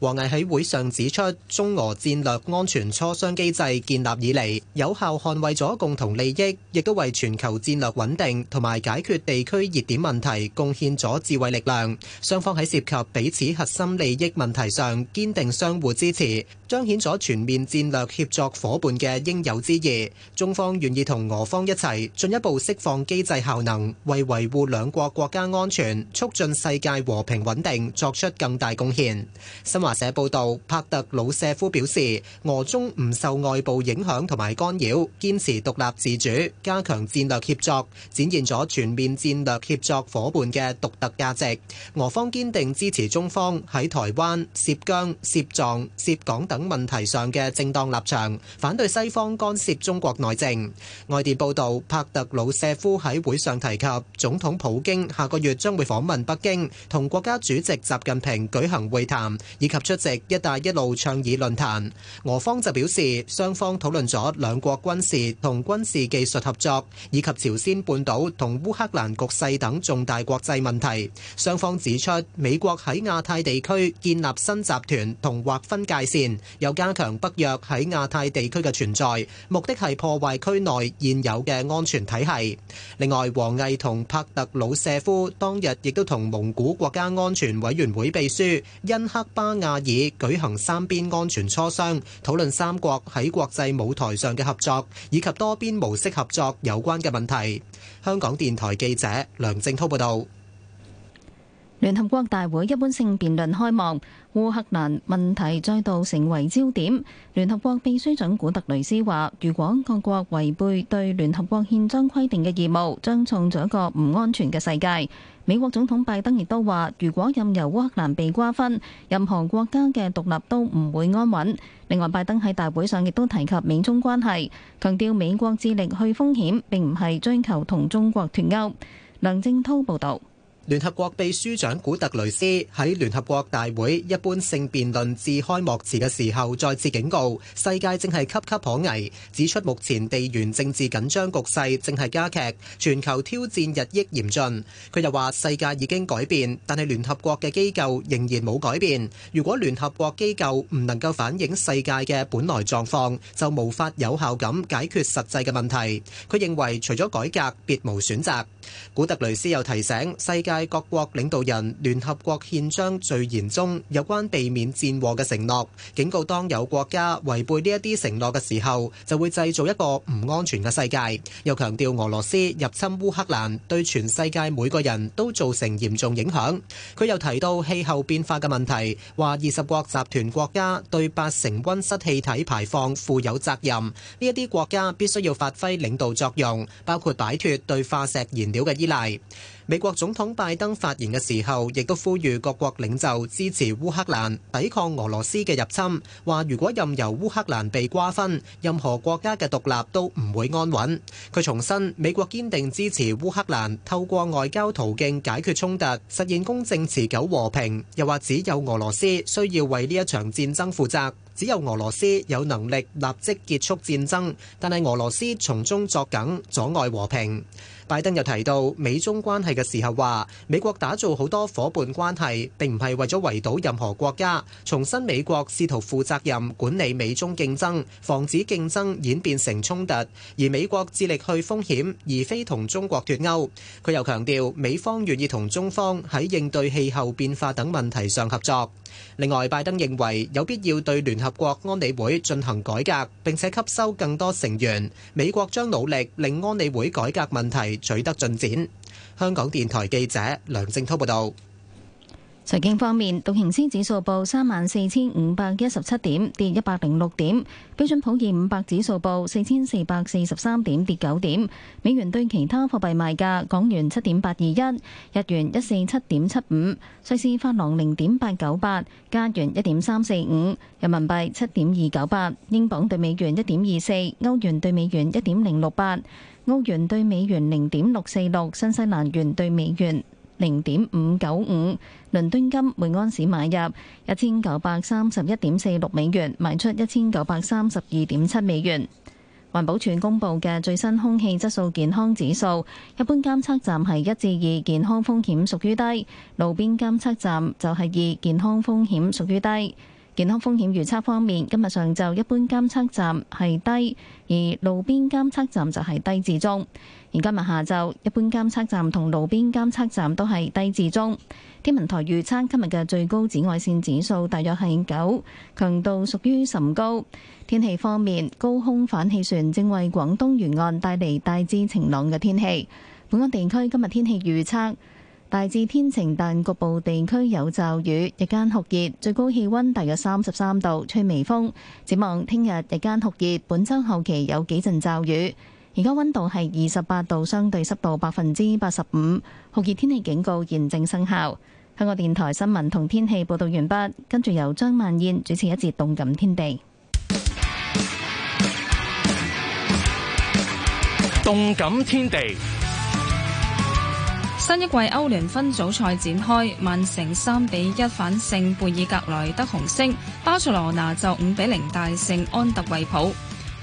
王毅喺會上指出，中俄戰略安全磋商機制建立以嚟，有效捍衛咗共同利益，亦都為全球戰略穩定同埋解決地區熱點問題貢獻咗智慧力量。雙方喺涉及彼此核心利益問題上，堅定相互支持。彰顯咗全面戰略協作伙伴嘅應有之義，中方願意同俄方一齊進一步釋放機制效能，為維護兩國國家安全、促進世界和平穩定作出更大貢獻。新華社報道，帕特魯舍夫表示：俄中唔受外部影響同埋干擾，堅持獨立自主，加強戰略協作，展現咗全面戰略協作伙伴嘅獨特價值。俄方堅定支持中方喺台灣、涉疆、涉藏、涉港等等問題上嘅正當立場，反對西方干涉中國內政。外電報導，帕特魯舍夫喺會上提及，總統普京下個月將會訪問北京，同國家主席習近平舉行會談，以及出席「一帶一路」倡議論壇。俄方就表示，雙方討論咗兩國軍事同軍事技術合作，以及朝鮮半島同烏克蘭局勢等重大國際問題。雙方指出，美國喺亞太地區建立新集團同劃分界線。有加強北約喺亞太地區嘅存在，目的係破壞區內現有嘅安全體系。另外，王毅同帕特魯舍夫當日亦都同蒙古國家安全委員會秘書恩克巴亞爾舉行三邊安全磋商，討論三國喺國際舞台上嘅合作以及多邊模式合作有關嘅問題。香港電台記者梁正滔報道。聯合國大會，一般性辯論開幕，烏克蘭問題再度成為焦點。聯合國秘書長古特雷斯話，如果各國違背對聯合國憲章規定嘅義務，將創造一個唔安全嘅世界。美國總統拜登亦都話，如果任由烏克蘭被瓜分，任何國家嘅獨立都唔會安穩，另外，拜登喺大會上亦都提及美中關係，強調美國致力去風險並唔係追求同中國脱鈎。梁正濤報道。聯合國秘書長古特雷斯喺聯合國大會一般性辯論致開幕詞嘅時候，再次警告世界正係岌岌可危，指出目前地緣政治緊張局勢正係加劇，全球挑戰日益嚴峻。佢又話：世界已經改變，但係聯合國嘅機構仍然冇改變。如果聯合國機構唔能夠反映世界嘅本來狀況，就無法有效咁解決實際嘅問題。佢認為除咗改革，別無選擇。古特雷斯又提醒世界，各國領導人、聯合國憲章序言中有關避免戰禍嘅承諾，警告當有國家違背呢一啲承諾嘅時候，就會製造一個唔安全嘅世界。又強調俄羅斯入侵烏克蘭對全世界每個人都造成嚴重影響。佢又提到氣候變化嘅問題，話二十國集團國家對八成溫室氣體排放負有責任，呢一啲國家必須要發揮領導作用，包括擺脫對化石燃料嘅依賴。美國總統拜登發言嘅時候，亦都呼籲各國領袖支持烏克蘭抵抗俄羅斯嘅入侵，話如果任由烏克蘭被瓜分，任何國家嘅獨立都唔會安穩。佢重申美國堅定支持烏克蘭，透過外交途徑解決衝突，實現公正持久和平。又話只有俄羅斯需要為呢一場戰爭負責，只有俄羅斯有能力立即結束戰爭，但係俄羅斯從中作梗，阻礙和平。拜登又提到美中關係嘅時候話，美國打造好多夥伴關係，並唔係為咗圍堵任何國家，重申美國試圖負責任管理美中競爭，防止競爭演變成衝突，而美國致力去風險，而非同中國脫鈎。佢又強調美方願意同中方喺應對氣候變化等問題上合作。另外，拜登認為有必要對聯合國安理會進行改革，並且吸收更多成員。美國將努力令安理會改革問題，取得進展。香港電台記者梁正濤報道：財經方面，道瓊斯指數報三萬四千五百一十七點，跌一百零六點；標準普爾五百指數報四千四百四十三點，跌九點。美元對其他貨幣賣價：港元七點八二一，日元一四七點七五，瑞士法郎零點八九八，加元一點三四五，人民幣七點二九八，英鎊對美元一點二四，歐元對美元一點零六八。歐元對美元零點六四六，新西蘭元對美元零點五九五，倫敦金每安士買入一千九百三十一點四六美元，賣出一千九百三十二點七美元。環保署公布嘅最新空氣質素健康指數，一般監測站係一至二，健康風險屬於低；路邊監測站就係二，健康風險屬於低。健康風險預測方面，今日上晝一般監測站係低，而路邊監測站就係低至中。而今日下晝，一般監測站同路邊監測站都係低至中。天文台預測今日嘅最高紫外線指數大約係九，強度屬於甚高。天氣方面，高空反氣旋正為廣東沿岸帶嚟大致晴朗嘅天氣。本港地區今日天氣預測。大致天晴，但局部地區有驟雨。日間酷熱，最高氣溫大約三十三度，吹微風。展望聽日日間酷熱，本周後期有幾陣驟雨。而家溫度係二十八度，相對濕度百分之八十五，酷熱天氣警告現正生效。香港電台新聞同天氣報道完畢，跟住由張曼燕主持一節動感天地。動感天地。新一季歐聯分組賽展開，曼城三比一反勝貝爾格萊德紅星，巴塞羅那就五比零大勝安特衛普。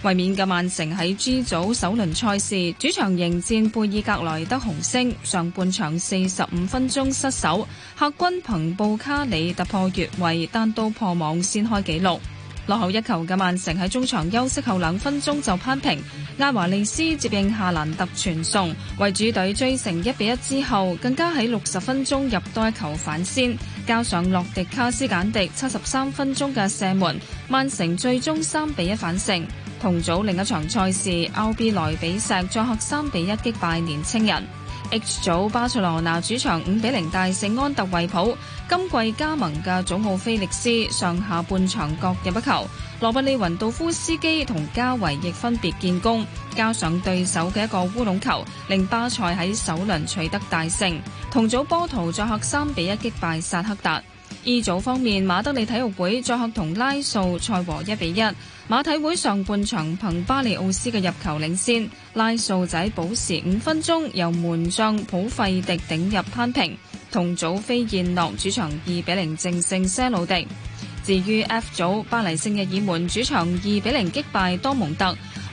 衛冕嘅曼城喺 G 組首輪賽事主場迎戰貝爾格萊德紅星，上半場四十五分鐘失守，客軍憑布卡里突破越位，單刀破網先開紀錄。落後一球嘅曼城喺中場休息後兩分鐘就攀平，艾華利斯接應夏蘭特傳送，為主隊追成一比一之後，更加喺六十分鐘入多一球反先，加上洛迪卡斯簡迪七十三分鐘嘅射門，曼城最終三比一反勝。同組另一場賽事，歐比萊比錫作客三比一擊敗年青人。H 組巴塞羅那主場五比零大勝安特衛普，今季加盟嘅祖奧菲力斯上下半場各入一球，羅拔利雲度夫斯基同加維亦分別建功，加上對手嘅一個烏龍球，令巴塞喺首輪取得大勝。同組波圖作客三比一擊敗薩克達。E 組方面，馬德里體育會作客同拉素賽和一比一。馬體會上半場憑巴里奧斯嘅入球領先，拉素仔補時五分鐘由門將普費迪頂入攀平。同組飛燕諾主場二比零淨勝些路迪。至於 F 組，巴黎聖日耳門主場二比零擊敗多蒙特。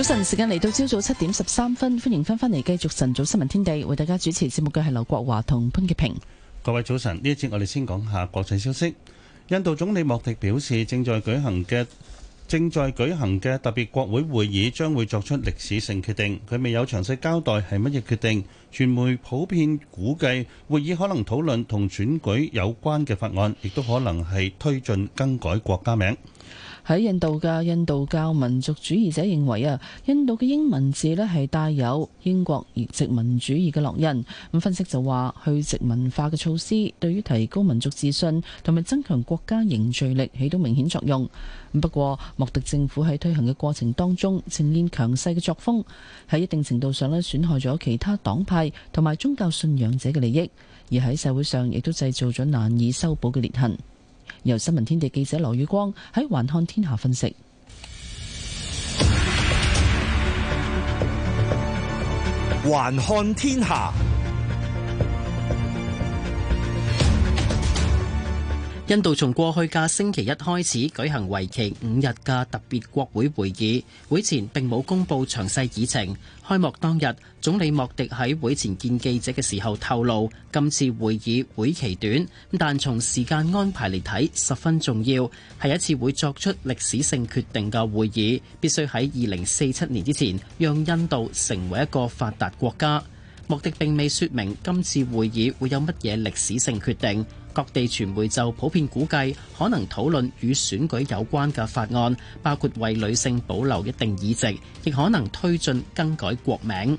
早晨，時間嚟到朝早七點十三分，歡迎翻返嚟繼續晨早新聞天地，為大家主持節目嘅係劉國華同潘潔平。各位早晨，呢一節我哋先講下國際消息。印度總理莫迪表示，正在舉行嘅正在舉行嘅特別國會會議將會作出歷史性決定。佢未有詳細交代係乜嘢決定，傳媒普遍估計會議可能討論同選舉有關嘅法案，亦都可能係推進更改國家名。喺印度嘅印度教民族主義者認為啊，印度嘅英文字咧係帶有英國殖民主義嘅烙印。咁分析就話，去殖民化嘅措施對於提高民族自信同埋增強國家凝聚力起到明顯作用。不過莫迪政府喺推行嘅過程當中呈現強勢嘅作風，喺一定程度上咧損害咗其他黨派同埋宗教信仰者嘅利益，而喺社會上亦都製造咗難以修補嘅裂痕。由新聞天地記者羅宇光喺《還看天下》分析，《還看天下》。印度從過去嘅星期一開始舉行為期五日嘅特別國會會議，會前並冇公布詳細議程。開幕當日，總理莫迪喺會前見記者嘅時候透露，今次會議會期短，但從時間安排嚟睇十分重要，係一次會作出歷史性決定嘅會議，必須喺二零四七年之前，讓印度成為一個發達國家。莫迪並未說明今次會議會有乜嘢歷史性決定，各地傳媒就普遍估計可能討論與選舉有關嘅法案，包括為女性保留一定議席，亦可能推進更改國名。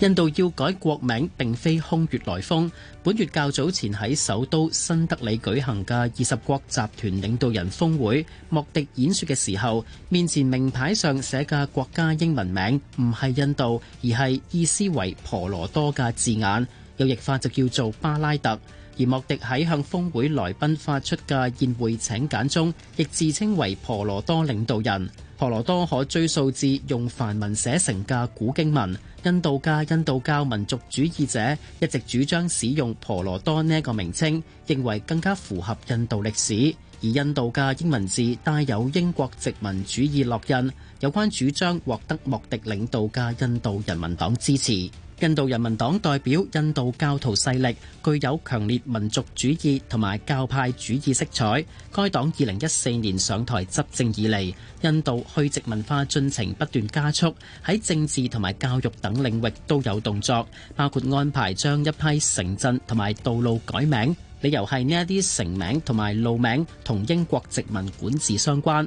印度要改國名並非空穴來風。本月較早前喺首都新德里舉行嘅二十國集團領導人峰會，莫迪演説嘅時候，面前名牌上寫嘅國家英文名唔係印度，而係意思為婆羅多嘅字眼，有譯法就叫做巴拉特。而莫迪喺向峰會來賓發出嘅宴會請柬中，亦自稱為婆羅多領導人。婆羅多可追溯至用梵文寫成嘅古經文，印度嘅印度教民族主義者一直主張使用婆羅多呢一個名稱，認為更加符合印度歷史。而印度嘅英文字帶有英國殖民主義烙印，有關主張獲得莫迪領導嘅印度人民黨支持。印度人民黨代表印度教徒勢力，具有強烈民族主義同埋教派主義色彩。該黨二零一四年上台執政以嚟，印度去殖文化進程不斷加速，喺政治同埋教育等領域都有動作，包括安排將一批城鎮同埋道路改名，理由係呢一啲城名同埋路名同英國殖民管治相關。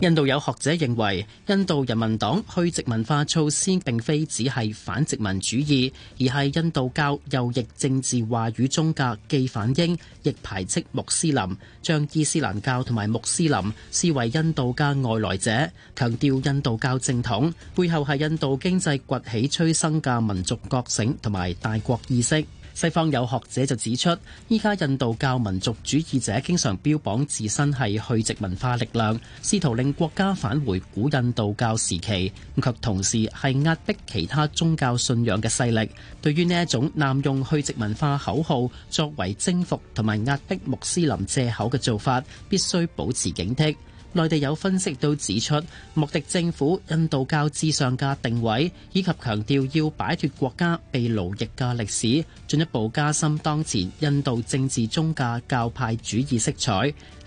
印度有學者認為，印度人民黨去殖民化措施並非只係反殖民主義，而係印度教右翼政治話語中嘅既反英，亦排斥穆斯林，將伊斯蘭教同埋穆斯林視為印度嘅外來者，強調印度教正統背後係印度經濟崛起催生嘅民族覺醒同埋大國意識。西方有學者就指出，依家印度教民族主義者經常標榜自身係去殖文化力量，試圖令國家返回古印度教時期，咁卻同時，係壓迫其他宗教信仰嘅勢力。對於呢一種濫用去殖文化口號作為征服同埋壓迫穆斯林借口嘅做法，必須保持警惕。內地有分析都指出，莫迪政府印度教至上嘅定位，以及強調要擺脱國家被奴役嘅歷史，進一步加深當前印度政治宗教教派主義色彩，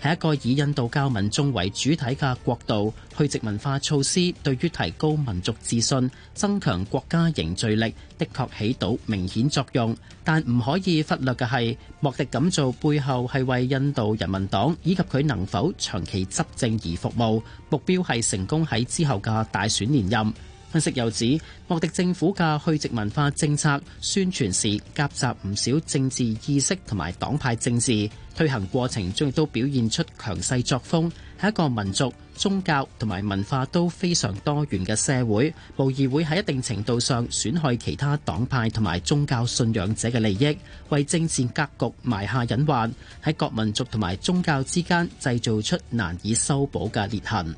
係一個以印度教民眾為主體嘅國度。推殖文化措施對於提高民族自信、增強國家凝聚力，的確起到明顯作用。但唔可以忽略嘅係，莫迪咁做背後係為印度人民黨以及佢能否長期執政而服務，目標係成功喺之後嘅大選連任。分析又指，莫迪政府嘅去殖文化政策宣傳時夾雜唔少政治意識同埋黨派政治，推行過程中亦都表現出強勢作風，係一個民族、宗教同埋文化都非常多元嘅社會無疑會喺一定程度上損害其他黨派同埋宗教信仰者嘅利益，為政治格局埋下隱患，喺各民族同埋宗教之間製造出難以修補嘅裂痕。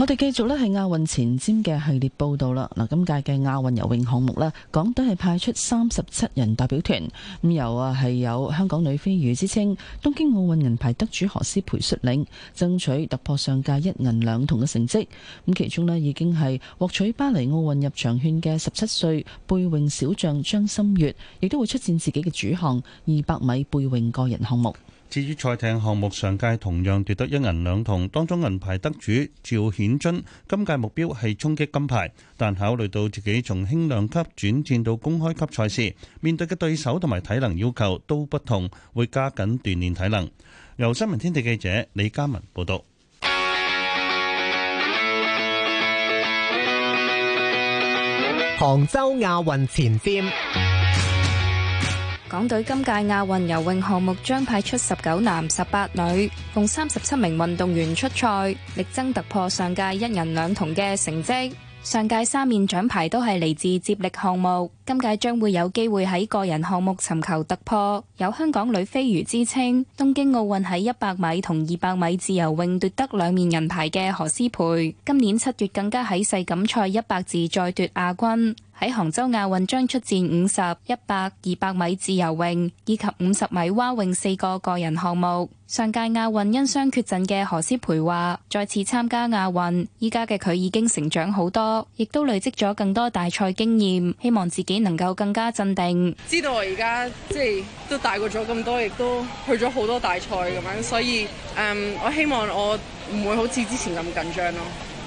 我哋繼續呢係亞運前瞻嘅系列報道啦。嗱，今屆嘅亞運游泳項目呢，港隊係派出三十七人代表團，咁由啊係有香港女飛魚之稱、東京奧運銀牌得主何詩蓓率領，爭取突破上屆一銀兩銅嘅成績。咁其中呢，已經係獲取巴黎奧運入場券嘅十七歲背泳小將張心月，亦都會出戰自己嘅主項二百米背泳個人項目。至於賽艇項目，上屆同樣奪得一銀兩銅，當中銀牌得主趙顯津，今屆目標係衝擊金牌。但考慮到自己從輕量級轉戰到公開級賽事，面對嘅對手同埋體能要求都不同，會加緊鍛煉體能。由新聞天地記者李嘉文報道。杭州亞運前線。港隊今屆亞運游泳項目，將派出十九男十八女，共三十七名運動員出賽，力爭突破上屆一人兩銅嘅成績。上屆三面獎牌都係嚟自接力項目，今屆將會有機會喺個人項目尋求突破。有香港女飛魚之稱，東京奧運喺一百米同二百米自由泳奪得兩面銀牌嘅何詩蓓，今年七月更加喺世錦賽一百自再奪亞軍。喺杭州亞運將出戰五十、一百、二百米自由泳，以及五十米蛙泳四個個人項目。上屆亞運因傷缺陣嘅何詩蓓話，再次參加亞運，依家嘅佢已經成長好多，亦都累積咗更多大賽經驗，希望自己能夠更加鎮定。知道我而家即係都大過咗咁多，亦都去咗好多大賽咁樣，所以，um, 我希望我唔會好似之前咁緊張咯。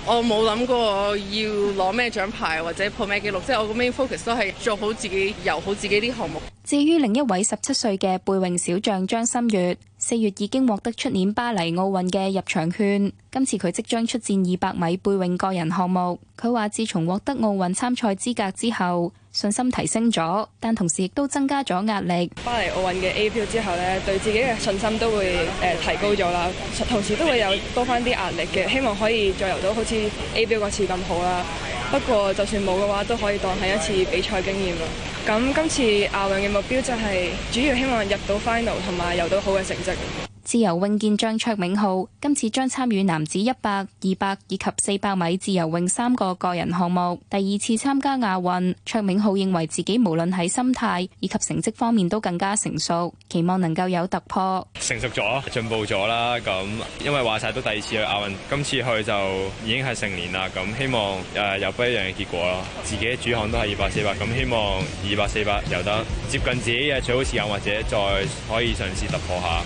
我冇諗過要攞咩獎牌或者破咩紀錄，即係我個 main focus 都係做好自己、游好自己啲項目。至於另一位十七歲嘅背泳小將張心月，四月已經獲得出年巴黎奧運嘅入場券，今次佢即將出戰二百米背泳個人項目。佢話：自從獲得奧運參賽資格之後，信心提升咗，但同時亦都增加咗壓力。巴黎奧運嘅 A 標之後呢，對自己嘅信心都會誒、呃、提高咗啦，同時都會有多翻啲壓力嘅。希望可以再游到好似 A 標嗰次咁好啦。不過就算冇嘅話，都可以當係一次比賽經驗啦。咁今次亞運嘅目標就係主要希望入到 final 同埋游到好嘅成績。自由泳健將卓銘浩今次將參與男子一百、二百以及四百米自由泳三個個人項目。第二次參加亞運，卓銘浩認為自己無論喺心態以及成績方面都更加成熟，期望能夠有突破。成熟咗，進步咗啦。咁因為話晒都第二次去亞運，今次去就已經係成年啦。咁希望誒有不一樣嘅結果咯。自己主項都係二百、四百，咁希望二百、四百有得接近自己嘅最好時間，或者再可以嘗試突破下。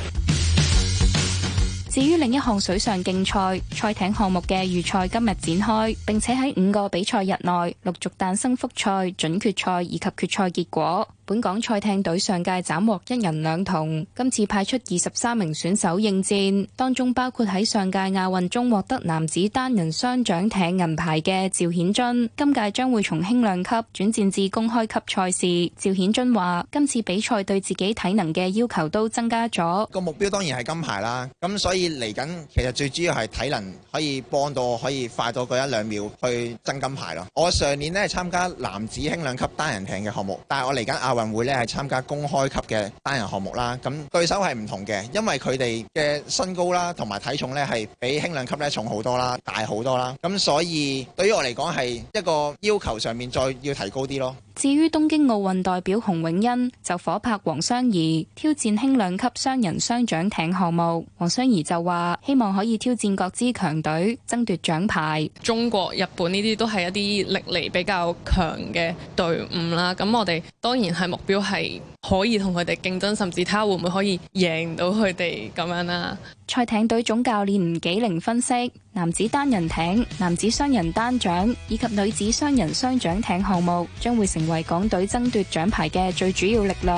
至於另一項水上競賽，賽艇項目嘅預賽今日展開，並且喺五個比賽日內陸續誕生複賽、準決賽以及決賽結果。本港賽艇隊上屆斬獲一人兩銅，今次派出二十三名選手應戰，當中包括喺上屆亞運中獲得男子單人雙槳艇銀牌嘅趙顯俊，今屆將會從輕量級轉戰至公開級賽事。趙顯俊話：今次比賽對自己體能嘅要求都增加咗，個目標當然係金牌啦。咁所以嚟緊其實最主要係體能可以幫到可以快咗嗰一兩秒去爭金牌咯。我上年咧參加男子輕量級單人艇嘅項目，但係我嚟緊亞運會咧係參加公開級嘅單人項目啦，咁對手係唔同嘅，因為佢哋嘅身高啦同埋體重咧係比輕量級咧重好多啦，大好多啦，咁所以對於我嚟講，係一個要求上面再要提高啲咯。至於東京奧運代表洪永恩就伙拍黃雙怡挑戰輕量級雙人雙槳艇項目，黃雙怡就話希望可以挑戰各支強隊爭奪獎牌。中國日本呢啲都係一啲歷嚟比較強嘅隊伍啦，咁我哋當然係。目標係可以同佢哋競爭，甚至睇下會唔會可以贏到佢哋咁樣啦。賽艇隊總教練吳紀玲分析，男子單人艇、男子雙人單槳以及女子雙人雙槳艇項目將會成為港隊爭奪獎牌嘅最主要力量。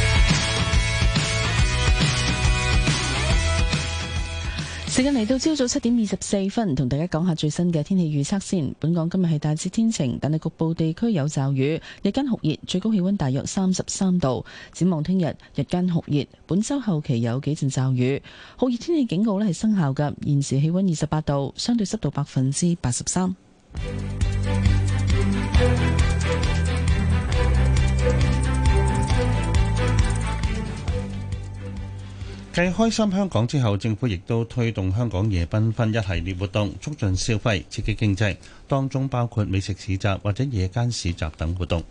時間嚟到朝早七點二十四分，同大家講下最新嘅天氣預測先。本港今日係大致天晴，但係局部地區有驟雨，日間酷熱，最高氣溫大約三十三度。展望聽日，日間酷熱，本周後期有幾陣驟雨，酷熱天氣警告呢係生效㗎。現時氣溫二十八度，相對濕度百分之八十三。繼開心香港之後，政府亦都推動香港夜繽紛一系列活動，促進消費，刺激經濟。當中包括美食市集或者夜間市集等活動。咁、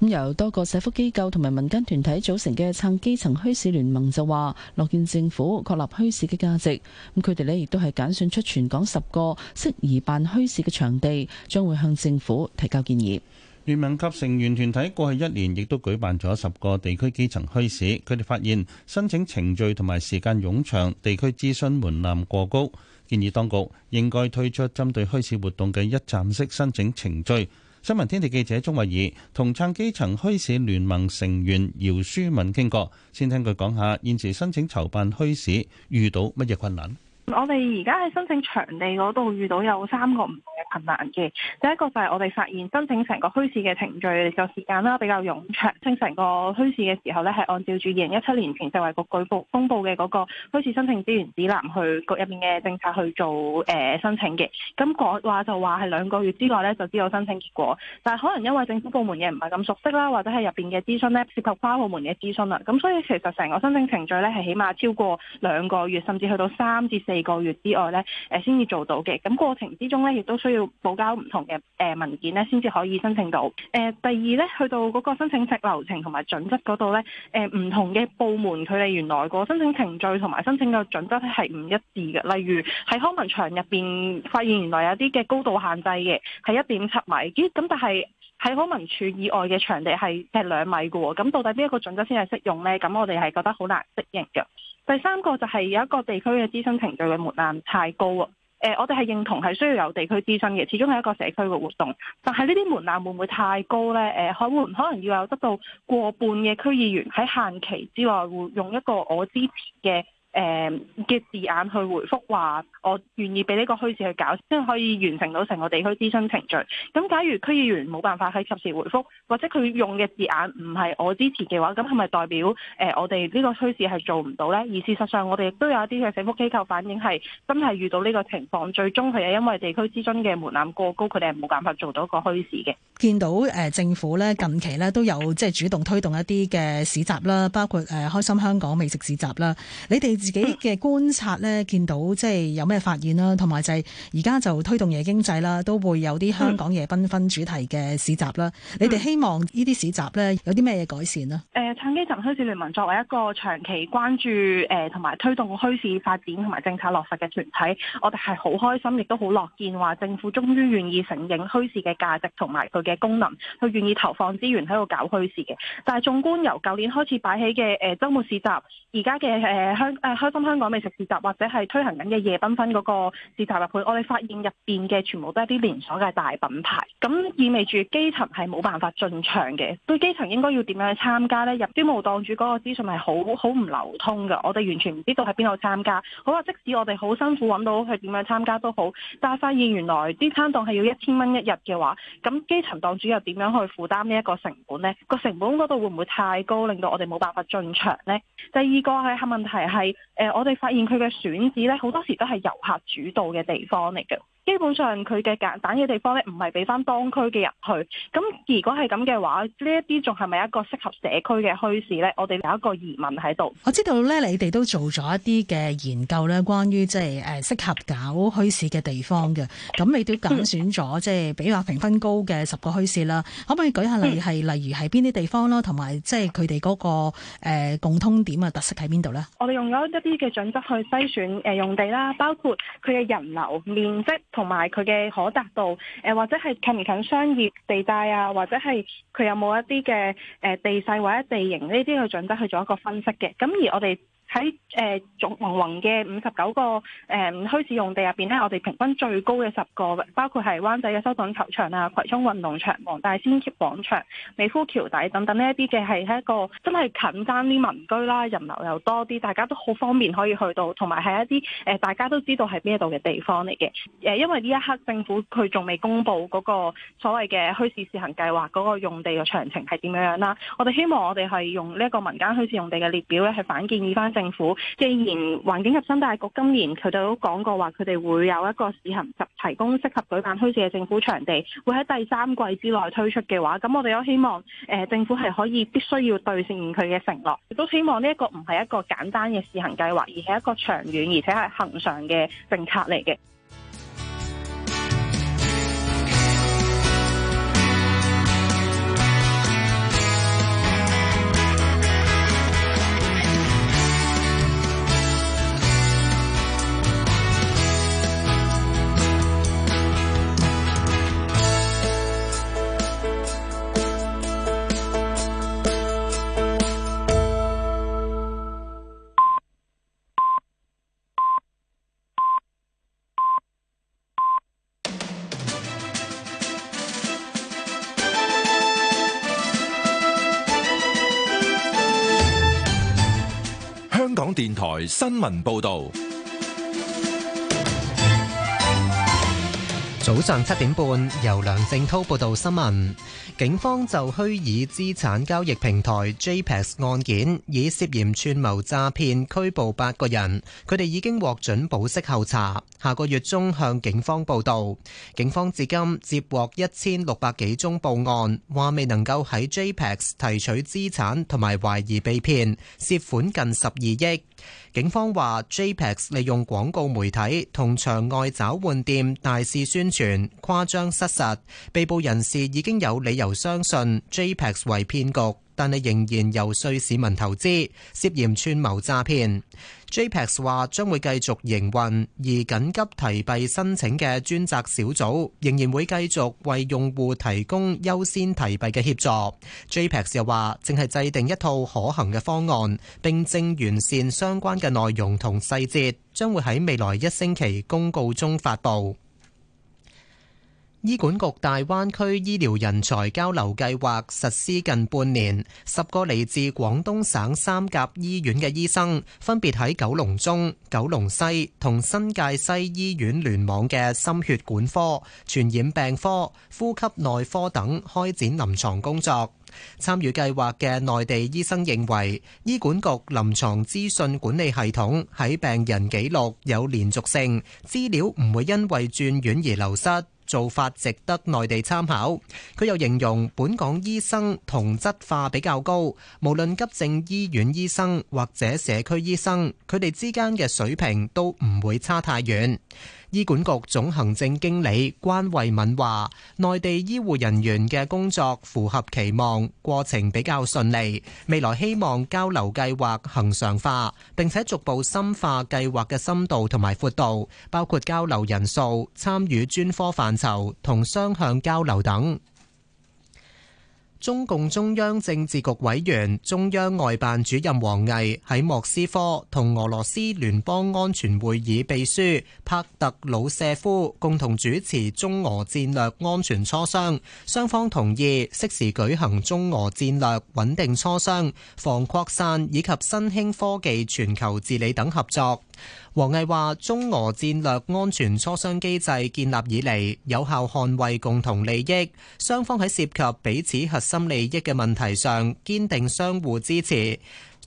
嗯、由多個社福機構同埋民間團體組成嘅撐基層墟市聯盟就話，樂見政府確立墟市嘅價值。咁佢哋呢亦都係揀選出全港十個適宜辦墟市嘅場地，將會向政府提交建議。聯盟及成員團體過去一年亦都舉辦咗十個地區基層墟市，佢哋發現申請程序同埋時間冗長，地區諮詢門檻過高，建議當局應該推出針對墟市活動嘅一站式申請程序。新聞天地記者鍾慧儀同撐基層墟市聯盟成員姚舒敏傾過，先聽佢講下現時申請籌辦墟市遇到乜嘢困難。我哋而家喺申請場地嗰度遇到有三個唔同嘅困難嘅，第一個就係我哋發現申請成個墟市嘅程序就時間啦比較冗長，整成個墟市嘅時候咧係按照住二零一七年財政委局舉布公佈嘅嗰個墟市申請資源指南去局入面嘅政策去做誒、呃、申請嘅，咁講話就話係兩個月之內咧就知道申請結果，但係可能因為政府部門嘅唔係咁熟悉啦，或者係入邊嘅諮詢咧涉及跨部門嘅諮詢啦，咁所以其實成個申請程序咧係起碼超過兩個月，甚至去到三到四至四。四個月之外咧，誒先至做到嘅。咁過程之中呢亦都需要補交唔同嘅誒文件咧，先至可以申請到。誒、呃、第二呢，去到嗰個申請程流程同埋準則嗰度呢，誒、呃、唔同嘅部門佢哋原來個申請程序同埋申請嘅準則係唔一致嘅。例如喺康文場入邊發現原來有啲嘅高度限制嘅係一點七米，咦，咁但係喺康文署以外嘅場地係係兩米嘅喎。咁到底邊一個準則先係適用呢？咁我哋係覺得好難適應嘅。第三個就係有一個地區嘅諮詢程序嘅門檻太高啊！誒、呃，我哋係認同係需要有地區諮詢嘅，始終係一個社區嘅活動。但係呢啲門檻會唔會太高呢？誒、呃，可會唔可能要有得到過半嘅區議員喺限期之內，會用一個我支持嘅？誒嘅、呃、字眼去回覆話我願意俾呢個墟市去搞，即係可以完成到成個地區諮詢程序。咁假如區議員冇辦法喺及時回覆，或者佢用嘅字眼唔係我支持嘅話，咁係咪代表誒、呃、我哋呢個墟市係做唔到呢？而事實上，我哋亦都有一啲嘅社福機構反映係真係遇到呢個情況，最終佢係因為地區諮詢嘅門檻過高，佢哋係冇辦法做到個墟市嘅。見到誒、呃、政府咧近期咧都有即係主動推動一啲嘅市集啦，包括誒、呃、開心香港美食市集啦，你哋自己嘅觀察呢，見到即係有咩發現啦，同埋就係而家就推動夜經濟啦，都會有啲香港夜繽紛主題嘅市集啦。嗯、你哋希望呢啲市集呢，有啲咩嘢改善咧？誒，撐基層墟市聯盟作為一個長期關注誒同埋推動墟市發展同埋政策落實嘅團體，我哋係好開心，亦都好樂見話政府終於願意承認墟市嘅價值同埋佢嘅功能，佢願意投放資源喺度搞墟市嘅。但係縱觀由舊年開始擺起嘅誒、呃、週末市集，而家嘅誒香、呃開心香港美食市集或者係推行緊嘅夜繽紛嗰個市集入面，我哋發現入邊嘅全部都係啲連鎖嘅大品牌，咁意味住基層係冇辦法進場嘅。對基層應該要點樣去參加呢？入邊冇檔主嗰個資訊係好好唔流通㗎，我哋完全唔知道喺邊度參加。好啊，即使我哋好辛苦揾到佢點樣參加都好，但係發現原來啲餐檔係要一千蚊一日嘅話，咁基層檔主又點樣去負擔呢一個成本呢？個成本嗰度會唔會太高，令到我哋冇辦法進場呢？第二個係問題係。誒、呃，我哋發現佢嘅選址咧，好多時都係遊客主導嘅地方嚟嘅。基本上佢嘅揀揀嘅地方咧，唔係俾翻當區嘅入去。咁如果係咁嘅話，呢一啲仲係咪一個適合社區嘅墟市咧？我哋有一個疑問喺度。我知道咧，你哋都做咗一啲嘅研究咧，關於即係誒適合搞墟市嘅地方嘅。咁你都揀選咗即係比較評分高嘅十個墟市啦。嗯、可唔可以舉下例係例如喺邊啲地方囉？同埋即係佢哋嗰個共通點嘅特色喺邊度咧？我哋用咗一啲嘅準則去篩選誒用地啦，包括佢嘅人流、面積。同埋佢嘅可達度，誒或者係近唔近商業地帶啊，或者係佢有冇一啲嘅誒地勢或者地形呢啲去準則去做一個分析嘅。咁而我哋喺誒總宏宏嘅五十九個誒、呃、墟市用地入邊咧，我哋平均最高嘅十個，包括係灣仔嘅修頓球場啊、葵涌運動場、黃大仙廣場、美孚橋底等等呢一啲嘅，係一個真係近間啲民居啦，人流又多啲，大家都好方便可以去到，同埋係一啲誒、呃、大家都知道係邊度嘅地方嚟嘅。誒、呃，因為呢一刻政府佢仲未公布嗰個所謂嘅墟市試，試行計劃嗰個用地嘅詳情係點樣樣啦，我哋希望我哋係用呢一個民間墟市用地嘅列表咧，係反建議翻正。政府既然環境及生態局今年佢哋都講過話，佢哋會有一個試行及提供適合舉辦墟市嘅政府場地，會喺第三季之內推出嘅話，咁我哋、呃、都希望誒政府係可以必須要兌現佢嘅承諾，亦都希望呢一個唔係一個簡單嘅試行計劃，而係一個長遠而且係恆常嘅政策嚟嘅。電台新聞報道。早上七點半，由梁正濤報道新聞。警方就虛擬資產交易平台 JPEX 案件，以涉嫌串謀詐騙拘捕八個人，佢哋已經獲准保釋候查，下個月中向警方報到。警方至今接獲一千六百幾宗報案，話未能夠喺 JPEX 提取資產，同埋懷疑被騙，涉款近十二億。警方話 j p e x 利用廣告媒體同場外找換店大肆宣傳，誇張失實。被捕人士已經有理由相信 j p e x 為騙局，但係仍然遊説市民投資，涉嫌串謀詐騙。JPEX 話將會繼續營運，而緊急提幣申請嘅專責小組仍然會繼續為用戶提供優先提幣嘅協助。JPEX 又話，正係制定一套可行嘅方案，並正完善相關嘅內容同細節，將會喺未來一星期公告中發布。醫管局大灣區醫療人才交流計劃實施近半年，十個嚟自廣東省三甲醫院嘅醫生，分別喺九龍中、九龍西同新界西醫院聯網嘅心血管科、傳染病科、呼吸內科等開展臨床工作。參與計劃嘅內地醫生認為，醫管局臨床資訊管理系統喺病人記錄有連續性，資料唔會因為轉院而流失。做法值得內地參考。佢又形容本港醫生同質化比較高，無論急症醫院醫生或者社區醫生，佢哋之間嘅水平都唔會差太遠。醫管局總行政經理關慧敏話，內地醫護人員嘅工作符合期望，過程比較順利。未來希望交流計劃恆常化，並且逐步深化計劃嘅深度同埋闊度，包括交流人數、參與專科範疇同雙向交流等。中共中央政治局委員、中央外辦主任王毅喺莫斯科同俄羅斯聯邦安全會議秘書帕特魯舍夫共同主持中俄戰略安全磋商，雙方同意適時舉行中俄戰略穩定磋商、防擴散以及新興科技全球治理等合作。王毅話：中俄戰略安全磋商機制建立以嚟，有效捍衛共同利益，雙方喺涉及彼此核心利益嘅問題上，堅定相互支持。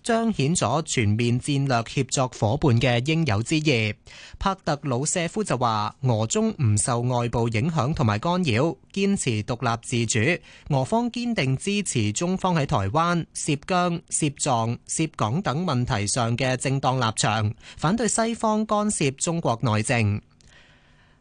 彰顯咗全面戰略協作伙伴嘅應有之義。帕特魯舍夫就話俄中唔受外部影響同埋干擾，堅持獨立自主。俄方堅定支持中方喺台灣、涉疆、涉藏、涉港等問題上嘅正當立場，反對西方干涉中國內政。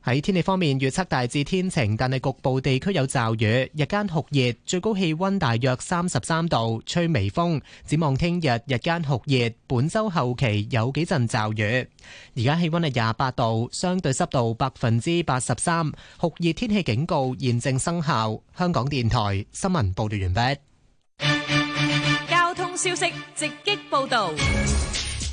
喺天氣方面預測大致天晴，但係局部地區有驟雨，日間酷熱，最高氣溫大約三十三度，吹微風。展望聽日，日間酷熱，本周後期有幾陣驟雨。而家氣溫係廿八度，相對濕度百分之八十三，酷熱天氣警告現正生效。香港電台新聞報道完畢。交通消息直擊報道。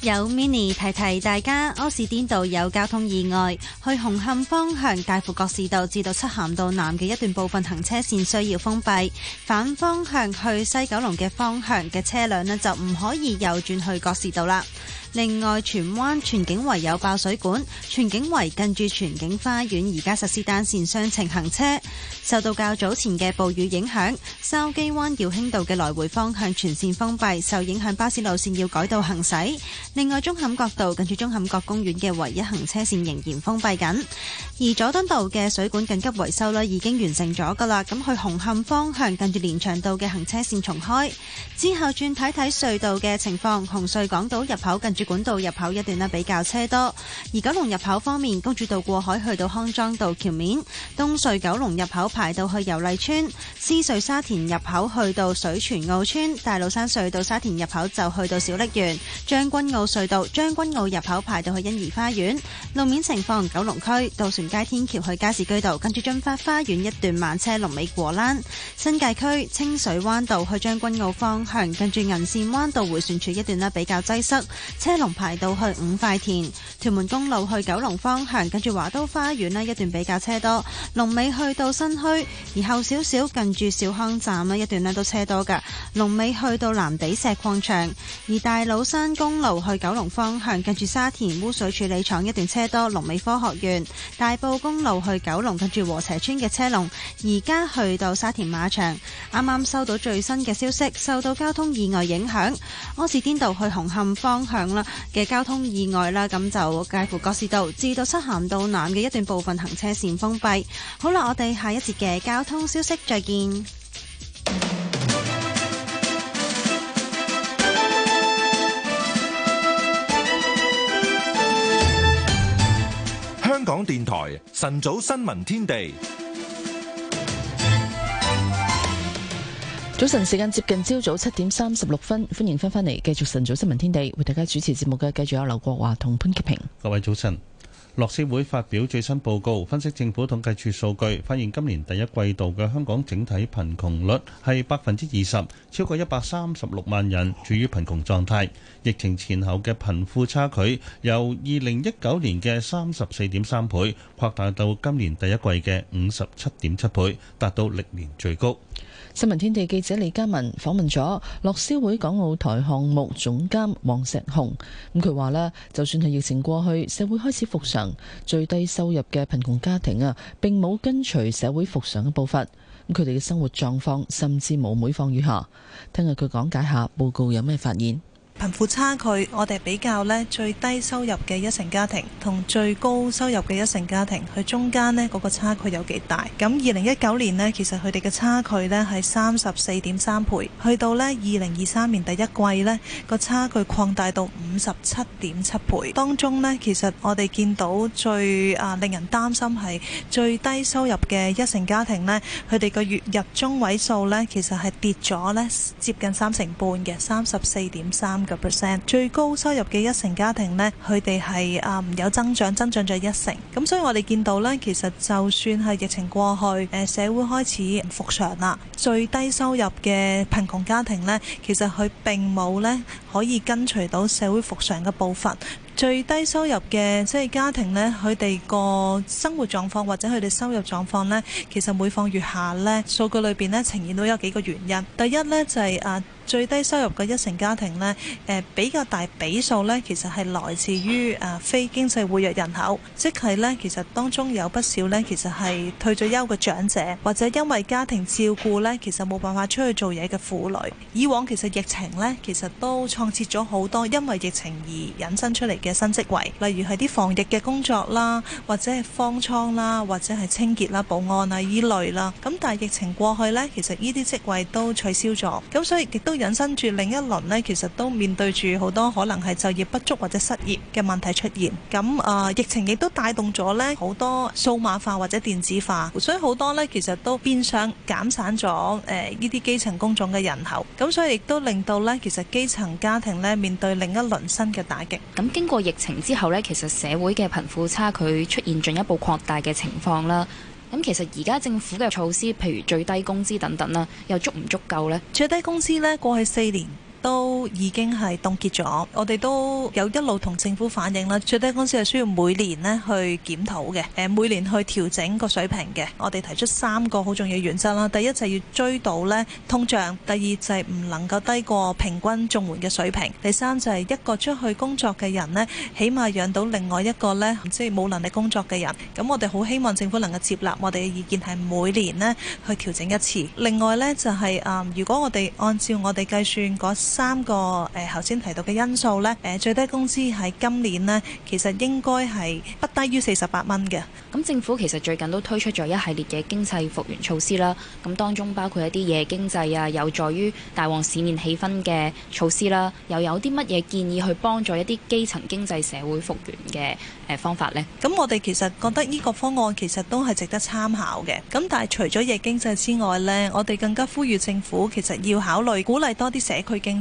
有 mini 提提大家，柯士甸道有交通意外，去紅磡方向介乎角士道至到漆咸道南嘅一段部分行車線需要封閉，反方向去西九龍嘅方向嘅車輛呢就唔可以右轉去角士道啦。另外，荃灣全景圍有爆水管，全景圍近住全景花園而家實施單線雙程行車。受到較早前嘅暴雨影響，筲箕灣耀興道嘅來回方向全線封閉，受影響巴士路線要改道行駛。另外，中坎角道近住中坎角公園嘅唯一行車線仍然封閉緊。而佐敦道嘅水管緊急維修呢，已經完成咗㗎喇。咁去紅磡方向，近住連翔道嘅行車線重開之後，轉睇睇隧道嘅情況。紅隧港島入口近住管道入口一段呢，比較車多。而九龍入口方面，公主道過海去到康莊道橋面，東隧九龍入口，排到去油荔村，獅隧沙田入口去到水泉澳村大老山隧道沙田入口就去到小瀝源，將軍澳隧道將軍澳入口排到去欣怡花園。路面情況：九龍區渡船街天橋去加士居道，跟住駿發花園一段慢車龍尾果欄。新界區清水灣道去將軍澳方向，跟住銀線灣道回旋處一段咧比較擠塞，車龍排到去五塊田。屯門公路去九龍方向，跟住華都花園咧一段比較車多，龍尾去到新。區而後少少近住兆康站咧一段呢都車多噶，龍尾去到藍地石礦場，而大老山公路去九龍方向近住沙田污水處理廠一段車多，龍尾科學園，大埔公路去九龍近住禾輋村嘅車龍，而家去到沙田馬場。啱啱收到最新嘅消息，受到交通意外影響，柯士甸道去紅磡方向啦嘅交通意外啦，咁就介乎覺士道至到漆咸道南嘅一段部分行車線封閉。好啦，我哋下一節嘅交通消息，再見。香港電台晨早新聞天地，早晨時間接近朝早七點三十六分，歡迎翻返嚟，繼續晨早新聞天地，為大家主持節目嘅，繼續有劉國華同潘潔平。各位早晨。樂施會發表最新報告，分析政府統計處數據，發現今年第一季度嘅香港整體貧窮率係百分之二十，超過一百三十六萬人處於貧窮狀態。疫情前後嘅貧富差距由二零一九年嘅三十四點三倍擴大到今年第一季嘅五十七點七倍，達到歷年最高。新聞天地記者李嘉文訪問咗樂施會港澳台項目總監黃碩紅，咁佢話呢，就算係疫情過去，社會開始復常，最低收入嘅貧窮家庭啊，並冇跟隨社會復常嘅步伐，咁佢哋嘅生活狀況甚至冇每況愈下。聽日佢講解下報告有咩發現。貧富差距，我哋比較呢最低收入嘅一成家庭同最高收入嘅一成家庭，佢中間呢嗰個差距有幾大？咁二零一九年呢，其實佢哋嘅差距呢係三十四點三倍，去到呢二零二三年第一季呢，個差距擴大到五十七點七倍。當中呢，其實我哋見到最啊令人擔心係最低收入嘅一成家庭呢，佢哋個月入中位數呢，其實係跌咗呢接近三成半嘅三十四點三。個最高收入嘅一成家庭呢，佢哋係啊有增長，增長咗一成。咁所以我哋見到呢，其實就算係疫情過去、呃，社會開始復常啦，最低收入嘅貧窮家庭呢，其實佢並冇呢可以跟隨到社會復常嘅步伐。最低收入嘅即係家庭呢，佢哋個生活狀況或者佢哋收入狀況呢，其實每況月下每況愈下呢，數據裏邊呢呈現到有幾個原因，第一呢，就係、是、啊。最低收入嘅一成家庭呢，誒、呃、比較大比數呢，其實係來自於誒、呃、非經濟活躍人口，即係呢，其實當中有不少呢，其實係退咗休嘅長者，或者因為家庭照顧呢，其實冇辦法出去做嘢嘅婦女。以往其實疫情呢，其實都創設咗好多因為疫情而引申出嚟嘅新職位，例如係啲防疫嘅工作啦，或者係方艙啦，或者係清潔啦、保安啊依類啦。咁但係疫情過去呢，其實呢啲職位都取消咗，咁所以亦都。引申住另一輪呢，其實都面對住好多可能係就業不足或者失業嘅問題出現。咁啊、呃，疫情亦都帶動咗呢好多數碼化或者電子化，所以好多呢其實都變相減散咗誒呢啲基層工種嘅人口。咁所以亦都令到呢其實基層家庭呢面對另一輪新嘅打擊。咁經過疫情之後呢，其實社會嘅貧富差距出現進一步擴大嘅情況啦。咁其實而家政府嘅措施，譬如最低工資等等啦，又足唔足夠呢？最低工資呢，過去四年，都已經係凍結咗，我哋都有一路同政府反映啦。最低工資係需要每年咧去檢討嘅，誒每年去調整個水平嘅。我哋提出三個好重要原則啦，第一就要追到咧通脹，第二就係唔能夠低過平均綜援嘅水平，第三就係一個出去工作嘅人呢，起碼養到另外一個呢，即係冇能力工作嘅人。咁我哋好希望政府能夠接納我哋嘅意見，係每年咧去調整一次。另外呢，就係、是、誒，如果我哋按照我哋計算嗰。三個誒頭先提到嘅因素咧，誒、呃、最低工資喺今年咧，其實應該係不低於四十八蚊嘅。咁政府其實最近都推出咗一系列嘅經濟復原措施啦，咁當中包括一啲夜經濟啊，有助於大旺市面氣氛嘅措施啦，又有啲乜嘢建議去幫助一啲基層經濟社會復原嘅誒、呃、方法呢？咁我哋其實覺得呢個方案其實都係值得參考嘅。咁但係除咗夜經濟之外呢，我哋更加呼籲政府其實要考慮鼓勵多啲社區經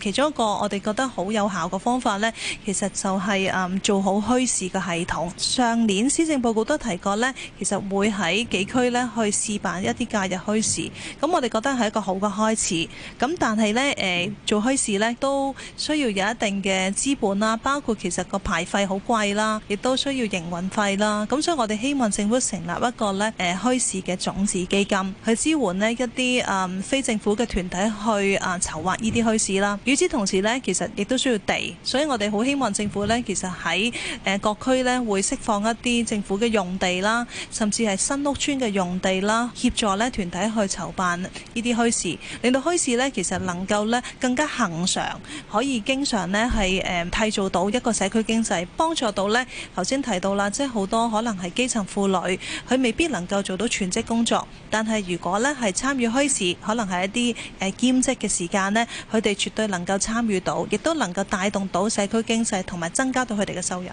其中一個我哋覺得好有效嘅方法呢，其實就係、是、誒、嗯、做好虛市嘅系統。上年施政報告都提過呢，其實會喺幾區呢去試辦一啲假日虛市，咁我哋覺得係一個好嘅開始。咁但係呢，誒、呃、做虛市呢都需要有一定嘅資本啦，包括其實個牌費好貴啦，亦都需要營運費啦。咁所以我哋希望政府成立一個呢誒虛市嘅種子基金去支援呢一啲誒、呃、非政府嘅團體去誒籌劃呢啲虛。市啦，與此同時呢，其實亦都需要地，所以我哋好希望政府呢，其實喺誒各區呢，會釋放一啲政府嘅用地啦，甚至係新屋村嘅用地啦，協助呢團體去籌辦呢啲墟市，令到墟市呢，其實能夠呢更加恒常，可以經常呢係誒締造到一個社區經濟，幫助到呢。頭先提到啦，即係好多可能係基層婦女，佢未必能夠做到全職工作，但係如果呢係參與墟市，可能係一啲誒、呃、兼職嘅時間呢。佢哋。我哋絕對能夠參與到，亦都能夠帶動到社區經濟，同埋增加到佢哋嘅收入。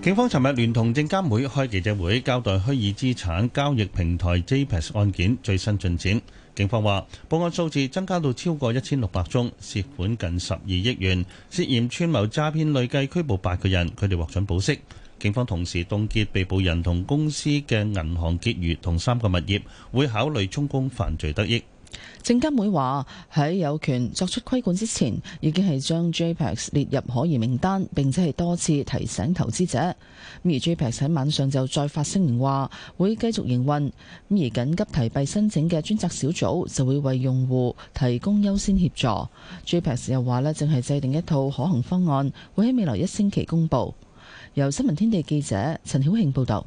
警方尋日聯同證監會開記者會，交代虛擬資產交易平台 JPEX 案件最新進展。警方話，報案數字增加到超過一千六百宗，涉款近十二億元，涉嫌串謀詐騙，累計拘捕八個人，佢哋獲准保釋。警方同時凍結被捕人同公司嘅銀行結餘同三個物業，會考慮充公犯罪得益。證監會話喺有權作出規管之前，已經係將 JPEX 列入可疑名單，並且係多次提醒投資者。而 JPEX 喺晚上就再發聲明話會繼續營運。而緊急提幣申請嘅專責小組就會為用戶提供優先協助。JPEX 又話呢正係制定一套可行方案，會喺未來一星期公佈。由新聞天地記者陳曉慶報道。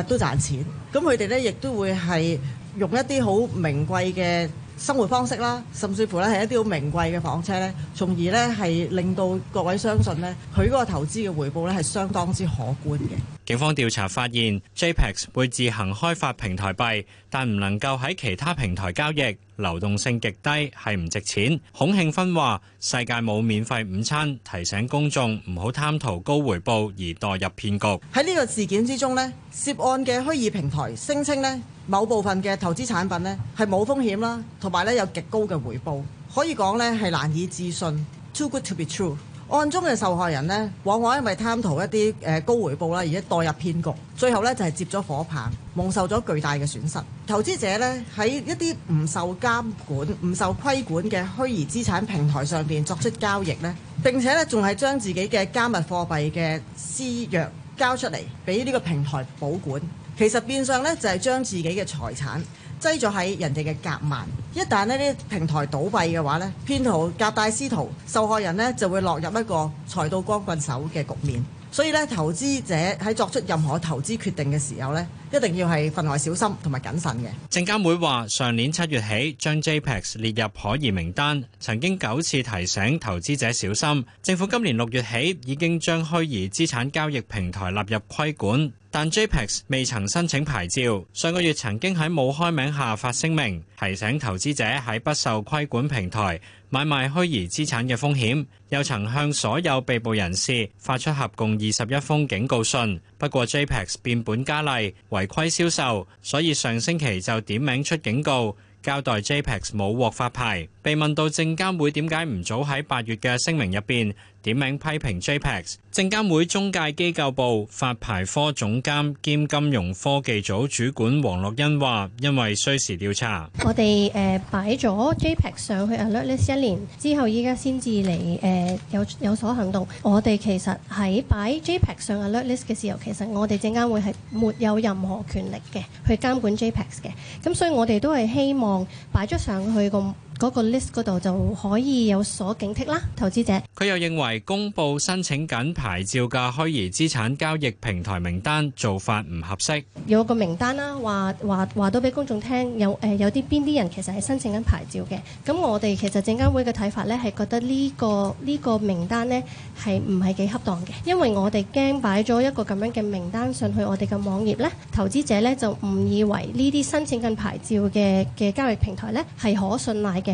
日都賺錢，咁佢哋咧亦都會係用一啲好名貴嘅生活方式啦，甚至乎咧係一啲好名貴嘅房車咧，從而咧係令到各位相信咧，佢嗰個投資嘅回報咧係相當之可觀嘅。警方調查發現，JPEX 會自行開發平台幣，但唔能夠喺其他平台交易。流動性極低，係唔值錢。孔慶芬話：世界冇免費午餐，提醒公眾唔好貪圖高回報而墜入騙局。喺呢個事件之中咧，涉案嘅虛擬平台聲稱咧，某部分嘅投資產品咧係冇風險啦，同埋咧有極高嘅回報，可以講呢係難以置信，too good to be true。案中嘅受害人呢，往往因為貪圖一啲誒高回報啦，而墮入騙局，最後呢，就係接咗火棒，蒙受咗巨大嘅損失。投資者呢，喺一啲唔受監管、唔受規管嘅虛擬資產平台上邊作出交易呢，並且呢，仲係將自己嘅加密貨幣嘅私鑰交出嚟俾呢個平台保管，其實變相呢，就係將自己嘅財產。擠咗喺人哋嘅夾萬，一旦呢啲平台倒閉嘅話，呢騙徒夾帶私逃，受害人呢就會落入一個財到光棍手嘅局面，所以呢，投資者喺作出任何投資決定嘅時候呢。一定要係分外小心同埋謹慎嘅。證監會話，上年七月起將 JPEX 列入可疑名單，曾經九次提醒投資者小心。政府今年六月起已經將虛擬資產交易平台納入規管，但 JPEX 未曾申請牌照。上個月曾經喺冇開名下發聲明，提醒投資者喺不受規管平台。買賣虛擬資產嘅風險，又曾向所有被捕人士發出合共二十一封警告信。不過 JPEX 變本加厲違規銷售，所以上星期就點名出警告，交代 JPEX 冇獲發牌。被問到證監會點解唔早喺八月嘅聲明入邊，點名批評 JPEX，證監會中介機構部發牌科總監兼金融科技組主管黃樂欣話：因為需時調查，我哋誒擺咗 JPEX 上去 alert list 一年之後，依家先至嚟誒有有所行動。我哋其實喺擺 JPEX 上 alert list 嘅時候，其實我哋證監會係沒有任何權力嘅去監管 JPEX 嘅。咁所以我哋都係希望擺咗上去個。嗰個 list 嗰度就可以有所警惕啦，投資者。佢又認為公布申請緊牌照嘅虛擬資產交易平台名單做法唔合適，有個名單啦，話話話到俾公眾聽有誒、呃、有啲邊啲人其實係申請緊牌照嘅。咁我哋其實證監會嘅睇法咧，係覺得呢個呢個名單咧係唔係幾恰當嘅，因為我哋驚擺咗一個咁樣嘅名單上去我哋嘅網頁咧，投資者咧就誤以為呢啲申請緊牌照嘅嘅交易平台咧係可信賴嘅。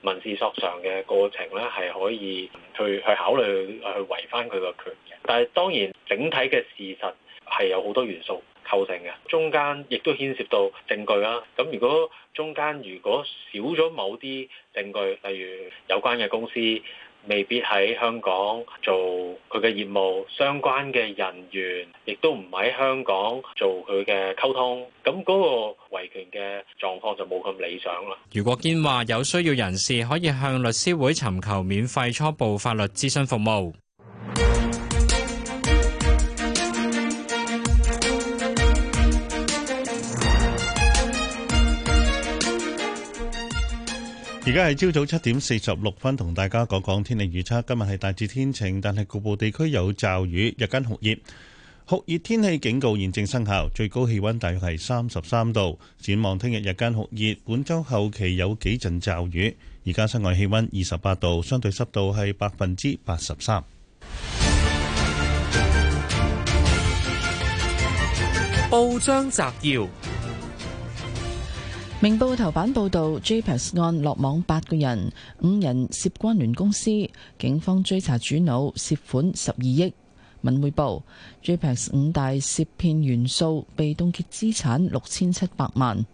民事索償嘅過程咧，係可以去去考慮去維翻佢個權嘅。但係當然，整體嘅事實係有好多元素構成嘅，中間亦都牽涉到證據啦。咁如果中間如果少咗某啲證據，例如有關嘅公司，未必喺香港做佢嘅業務，相關嘅人員亦都唔喺香港做佢嘅溝通，咁嗰個維權嘅狀況就冇咁理想啦。如果堅話，有需要人士可以向律師會尋求免費初步法律諮詢服務。而家係朝早七點四十六分，同大家講講天氣預測。今日係大致天晴，但係局部地區有驟雨。日間酷熱，酷熱天氣警告現正生效。最高氣溫大約係三十三度。展望聽日日間酷熱，本周後期有幾陣驟雨。而家室外氣溫二十八度，相對濕度係百分之八十三。報章摘要。明報頭版報道 JPEX 案落網八個人，五人涉關聯公司，警方追查主腦，涉款十二億。文匯報 JPEX 五大涉騙元素被凍結資產六千七百萬。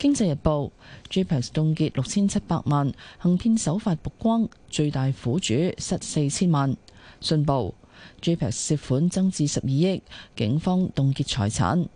經濟日報 JPEX 凍結六千七百萬，行騙手法曝光，最大苦主失四千萬。信報 JPEX 涉款增至十二億，警方凍結財產。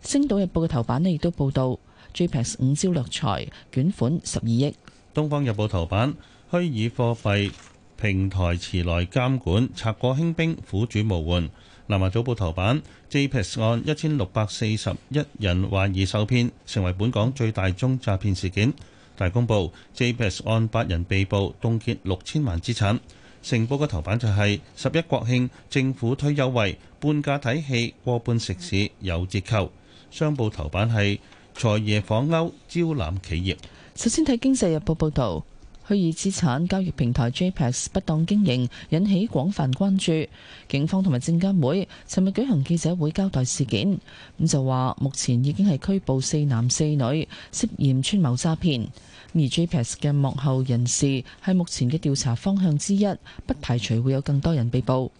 星島日報嘅頭版咧，亦都報道。JPEX 五招落財，捲款十二億。《東方日報》頭版：虛擬貨幣平台遲來監管，賊過興兵苦主無援。《南華早報》頭版 ：JPEX 案一千六百四十一人懷疑受騙，成為本港最大宗詐騙事件。大公報：JPEX 案八人被捕，凍結六千萬資產。《成報》嘅頭版就係十一國慶，政府推優惠，半價睇戲，過半食肆有折扣。商報頭版係，財爺訪歐招攬企業。首先睇《經濟日報》報導，虛擬資產交易平台 JPEX 不當經營引起廣泛關注。警方同埋證監會尋日舉行記者會交代事件，咁就話目前已經係拘捕四男四女，涉嫌串謀詐騙。而 JPEX 嘅幕後人士係目前嘅調查方向之一，不排除會有更多人被捕。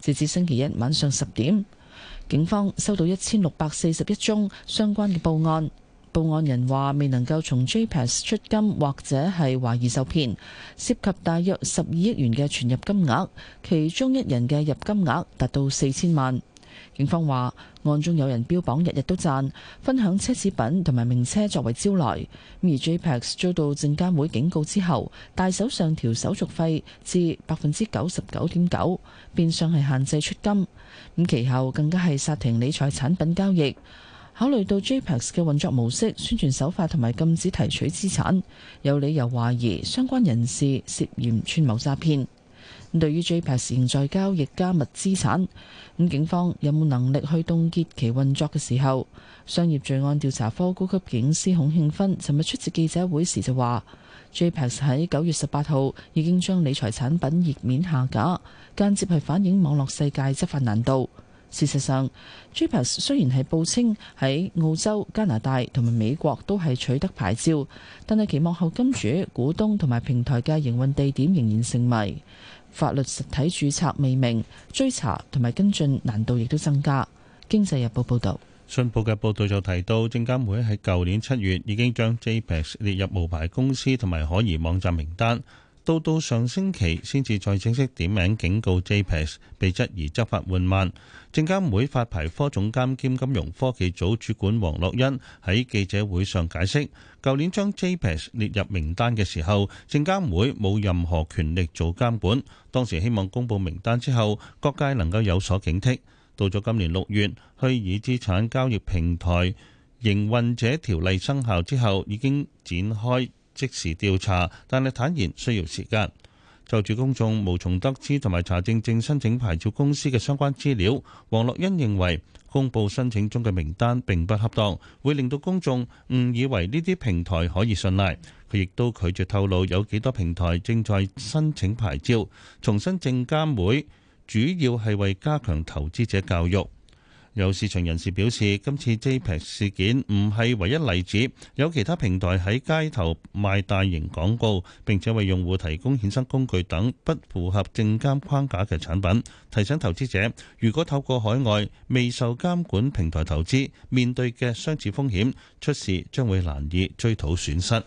截至星期一晚上十點，警方收到一千六百四十一宗相關嘅報案。報案人話未能夠從 JPEX 出金，或者係懷疑受騙，涉及大約十二億元嘅存入金額，其中一人嘅入金額達到四千萬。警方話案中有人標榜日日都賺，分享奢侈品同埋名車作為招徠。而 JPEX 遭到證監會警告之後，大手上調手續費至百分之九十九點九，變相係限制出金。咁其後更加係剎停理財產品交易。考慮到 JPEX 嘅運作模式、宣傳手法同埋禁止提取資產，有理由懷疑相關人士涉嫌串謀詐騙。咁對於 JPEX 仍在交易加密資產，咁警方有冇能力去凍結其運作嘅時候，商業罪案調查科高級警司孔慶芬尋日出席記者會時就話：JPEX 喺九月十八號已經將理財產品頁面下架，間接係反映網絡世界執法難度。事實上，JPEX 雖然係報稱喺澳洲、加拿大同埋美國都係取得牌照，但係期望後其幕後金主、股東同埋平台嘅營運地點仍然成謎，法律實體註冊未明，追查同埋跟進難度亦都增加。經濟日報報道，信報嘅報導就提到，證監會喺舊年七月已經將 JPEX 列入無牌公司同埋可疑網站名單。到到上星期先至再正式點名警告 JPEX 被質疑執法緩慢。證監會發牌科總監兼金融科技組主管黃樂欣喺記者會上解釋，舊年將 JPEX 列入名單嘅時候，證監會冇任何權力做監管，當時希望公布名單之後，各界能夠有所警惕。到咗今年六月，虛擬資產交易平台營運者條例生效之後已經展開。即時調查，但係坦言需要時間，就住公眾無從得知同埋查證正申請牌照公司嘅相關資料。黃樂欣認為公布申請中嘅名單並不恰當，會令到公眾誤以為呢啲平台可以信賴。佢亦都拒絕透露有幾多平台正在申請牌照。重申，證監會主要係為加強投資者教育。有市場人士表示，今次 JPEX 事件唔係唯一例子，有其他平台喺街頭賣大型廣告，並且為用戶提供衍生工具等不符合證監框架嘅產品。提醒投資者，如果透過海外未受監管平台投資，面對嘅相似風險，出事將會難以追討損失。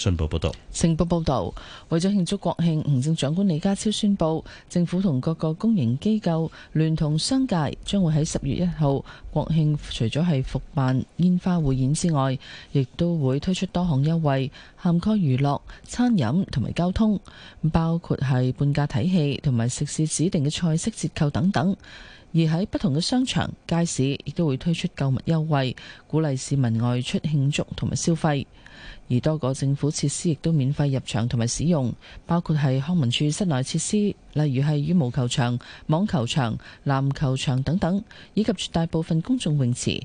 信報報道：信報報導，報道為咗慶祝國慶，行政長官李家超宣布，政府同各個公營機構聯同商界，將會喺十月一號國慶，除咗係復辦煙花匯演之外，亦都會推出多項優惠，涵蓋娛，娛樂、餐飲同埋交通，包括係半價睇戲同埋食肆指定嘅菜式折扣等等。而喺不同嘅商場、街市，亦都會推出購物優惠，鼓勵市民外出慶祝同埋消費。而多個政府設施亦都免費入場同埋使用，包括係康文署室內設施，例如係羽毛球場、網球場、籃球場等等，以及絕大部分公眾泳池、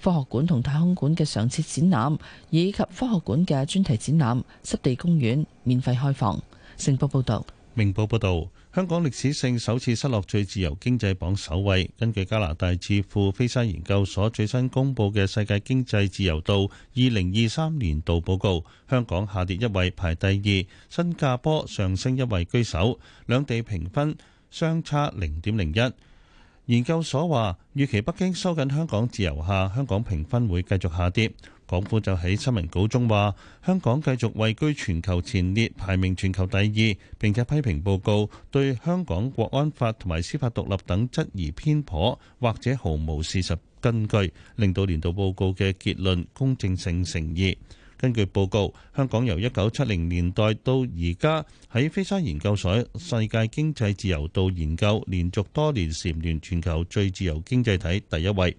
科學館同太空館嘅常設展覽，以及科學館嘅專題展覽。濕地公園免費開放。成報報道。明報報道。香港歷史性首次失落最自由經濟榜首位，根據加拿大智庫菲沙研究所最新公佈嘅《世界經濟自由度二零二三年度報告》，香港下跌一位排第二，新加坡上升一位居首，兩地評分相差零點零一。研究所話預期北京收緊香港自由下，香港評分會繼續下跌。港府就喺新聞稿中話，香港繼續位居全球前列，排名全球第二。並且批評報告對香港國安法同埋司法獨立等質疑偏頗或者毫無事實根據，令到年度報告嘅結論公正性存疑。根據報告，香港由一九七零年代到而家喺菲沙研究所世界經濟自由度研究連續多年蟬聯全球最自由經濟體第一位。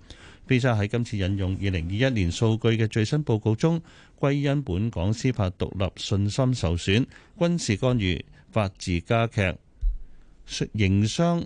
B a 喺今次引用二零二一年數據嘅最新報告中，歸因本港司法獨立信心受損、軍事干預、法治加劇、營商、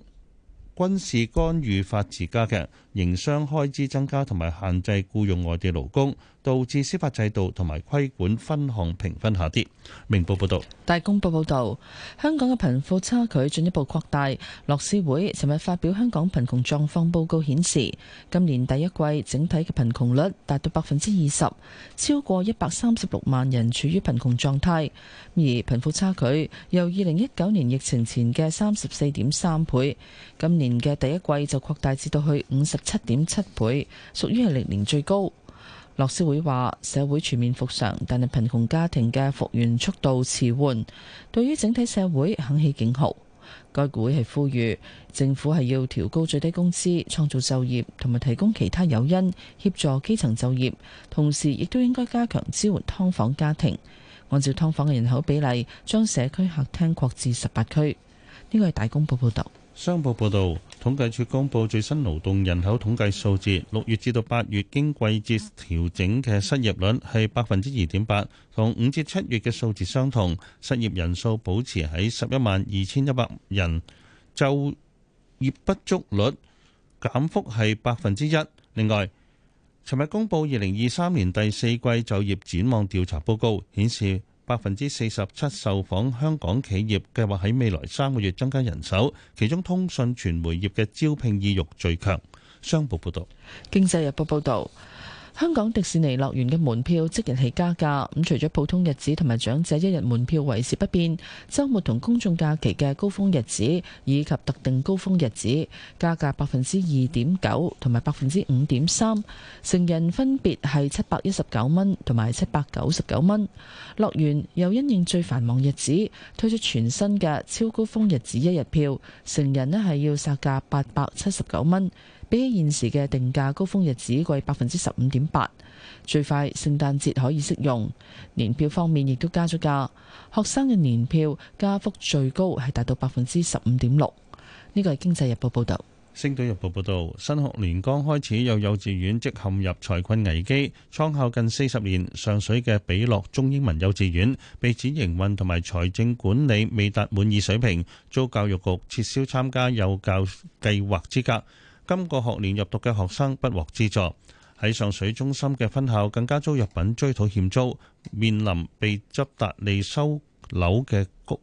軍事干預、法治加劇。營商開支增加同埋限制雇傭外地勞工，導致司法制度同埋規管分項評分下跌。明報報道，大公報報道，香港嘅貧富差距進一步擴大。樂施會尋日發表香港貧窮狀況報告，顯示今年第一季整體嘅貧窮率達到百分之二十，超過一百三十六萬人處於貧窮狀態，而貧富差距由二零一九年疫情前嘅三十四點三倍，今年嘅第一季就擴大至到去五十。七點七倍，屬於係歷年最高。樂施會話：社會全面復常，但係貧窮家庭嘅復原速度遲緩，對於整體社會響起警號。該會係呼籲政府係要調高最低工資，創造就業同埋提供其他誘因，協助基層就業。同時亦都應該加強支援劏房家庭，按照劏房嘅人口比例，將社區客廳擴至十八區。呢個係大公報報導，商報報導。統計處公佈最新勞動人口統計數字，六月至到八月經季節調整嘅失業率係百分之二點八，同五至七月嘅數字相同。失業人數保持喺十一萬二千一百人，就業不足率減幅係百分之一。另外，尋日公佈二零二三年第四季就業展望調查報告顯示，百分之四十七受訪香港企業計劃喺未來三個月增加人手，其中通訊傳媒業嘅招聘意欲最強。商報報道，經濟日報報道。香港迪士尼樂園嘅門票即日起加價，咁除咗普通日子同埋長者一日門票維持不變，周末同公眾假期嘅高峰日子以及特定高峰日子加價百分之二點九同埋百分之五點三，成人分別係七百一十九蚊同埋七百九十九蚊。樂園又因應最繁忙日子推出全新嘅超高峰日子一日票，成人咧係要殺價八百七十九蚊。比起現時嘅定價，高峰日子貴百分之十五點八，最快聖誕節可以適用。年票方面亦都加咗價，學生嘅年票加幅最高係達到百分之十五點六。呢個係經濟日報報導，《星島日報》報導，新學年剛開始，有幼稚園即陷入財困危機，創校近四十年，上水嘅比樂中英文幼稚園被指營運同埋財政管理未達滿意水平，遭教育局撤銷參加幼教計劃資格。今個學年入讀嘅學生不獲資助，喺上水中心嘅分校更加租物品追討欠租，面臨被執達利收樓嘅局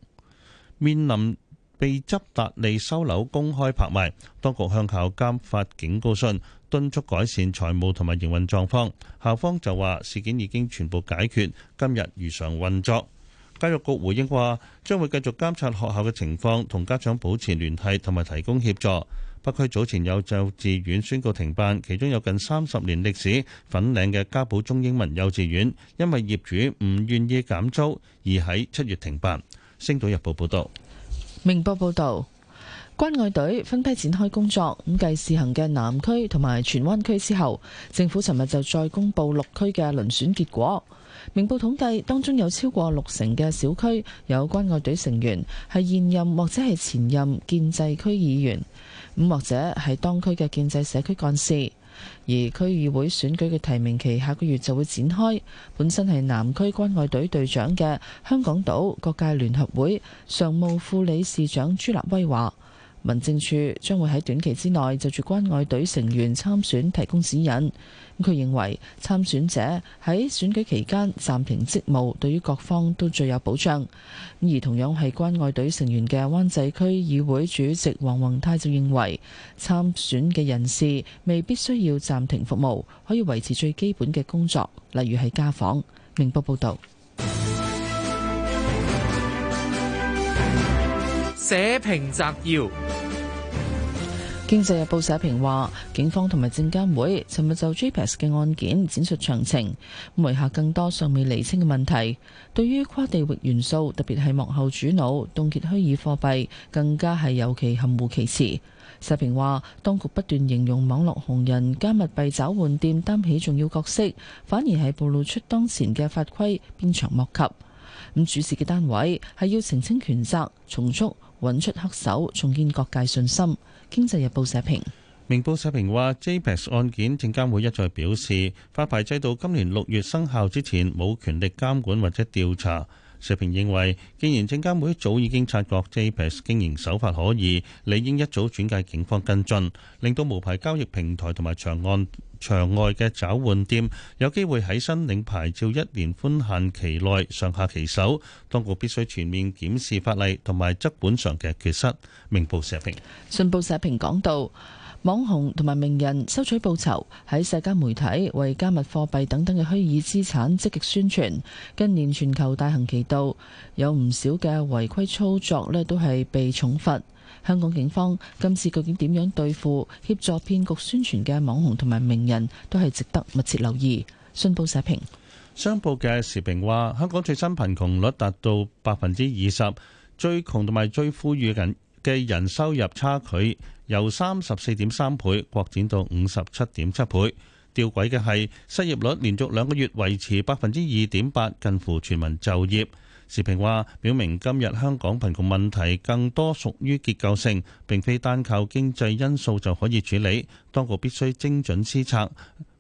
面臨被執達利收樓公開拍賣。當局向校監發警告信，敦促改善財務同埋營運狀況。校方就話事件已經全部解決，今日如常運作。教育局回應話，將會繼續監察學校嘅情況，同家長保持聯繫，同埋提供協助。北區早前有幼稚園宣告停辦，其中有近三十年歷史粉嶺嘅嘉寶中英文幼稚園，因為業主唔願意減租而喺七月停辦。星島日報報道，明報報道，關愛隊分批展開工作，五繼試行嘅南區同埋荃灣區之後，政府尋日就再公布六區嘅輪選結果。明報統計當中有超過六成嘅小區有關愛隊成員係現任或者係前任建制區議員。咁或者係當區嘅建制社區幹事，而區議會選舉嘅提名期下個月就會展開。本身係南區關愛隊隊長嘅香港島各界聯合會常務副理事長朱立威話，民政處將會喺短期之內就住關愛隊成員參選提供指引。佢認為參選者喺選舉期間暫停職務對於各方都最有保障。而同樣係關愛隊成員嘅灣仔區議會主席黃宏泰就認為，參選嘅人士未必需要暫停服務，可以維持最基本嘅工作，例如係家訪。明報報道。社評摘要。經濟日報社評話，警方同埋證監會尋日就 GPS 嘅案件展述詳情，埋下更多尚未釐清嘅問題。對於跨地域元素，特別係幕後主腦凍結虛擬貨幣，更加係尤其含糊其辭。社評話，當局不斷形容網絡紅人加密幣找換店擔起重要角色，反而係暴露出當前嘅法規鞭長莫及。咁，主事嘅單位係要澄清權責，重述。搵出黑手，重建各界信心。經濟日報社評，明報社評話 JPEX 案件，證監會一再表示，發牌制度今年六月生效之前，冇權力監管或者調查。社評認為，既然證監會早已經察覺 JPEX 經營手法可疑，理應一早轉介警方跟進，令到無牌交易平台同埋長按。場外嘅找換店有機會喺申領牌照一年寬限期內上下其手，當局必須全面檢視法例同埋質本上嘅缺失。明報社評，信報社評講道：網紅同埋名人收取報酬，喺社交媒體為加密貨幣等等嘅虛擬資產積極宣傳。近年全球大行其道，有唔少嘅違規操作咧，都係被重罰。香港警方今次究竟點樣對付協助騙局宣傳嘅網紅同埋名人，都係值得密切留意。信報社評。商報嘅時評話，香港最新貧窮率達到百分之二十，最窮同埋最富裕嘅人嘅人收入差距由三十四點三倍擴展到五十七點七倍。吊詭嘅係失業率連續兩個月維持百分之二點八，近乎全民就業。時評話，表明今日香港貧窮問題更多屬於結構性，並非單靠經濟因素就可以處理。當局必須精準施策，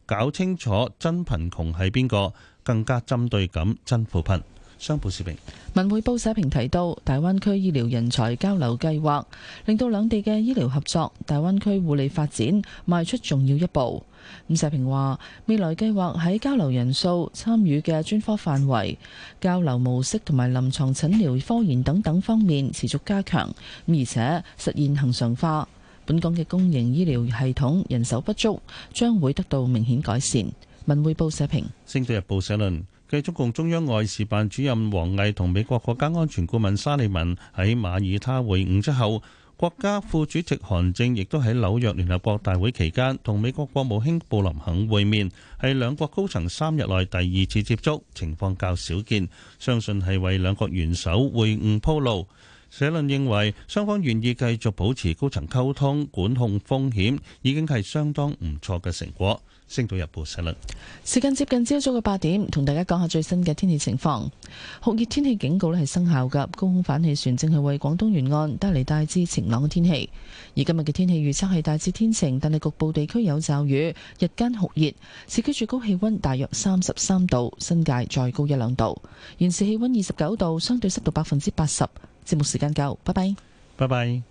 搞清楚真貧窮係邊個，更加針對咁真扶貧。商報社評、文匯報社評提到，大灣區醫療人才交流計劃令到兩地嘅醫療合作、大灣區護理發展邁出重要一步。伍石平話：未來計劃喺交流人數、參與嘅專科範圍、交流模式同埋臨床診療、科研等等方面持續加強，而且實現恆常化。本港嘅公營醫療系統人手不足，將會得到明顯改善。文匯報社評，《星島日報》社論：繼中共中央外事辦主任王毅同美國國家安全顧問沙利文喺馬爾他會晤之後。國家副主席韓正亦都喺紐約聯合國大會期間同美國國務卿布林肯會面，係兩國高層三日內第二次接觸，情況較少見，相信係為兩國元首會晤鋪路。社論認為，雙方願意繼續保持高層溝通，管控風險，已經係相當唔錯嘅成果。升到日報新聞。時間接近朝早嘅八點，同大家講下最新嘅天氣情況。酷熱天氣警告咧係生效噶，高空反氣旋正係為廣東沿岸帶嚟大致晴朗嘅天氣。而今日嘅天氣預測係大致天晴，但係局部地區有驟雨。日間酷熱，市區最高氣溫大約三十三度，新界再高一兩度。現時氣溫二十九度，相對濕度百分之八十。節目時間夠，拜拜。拜拜。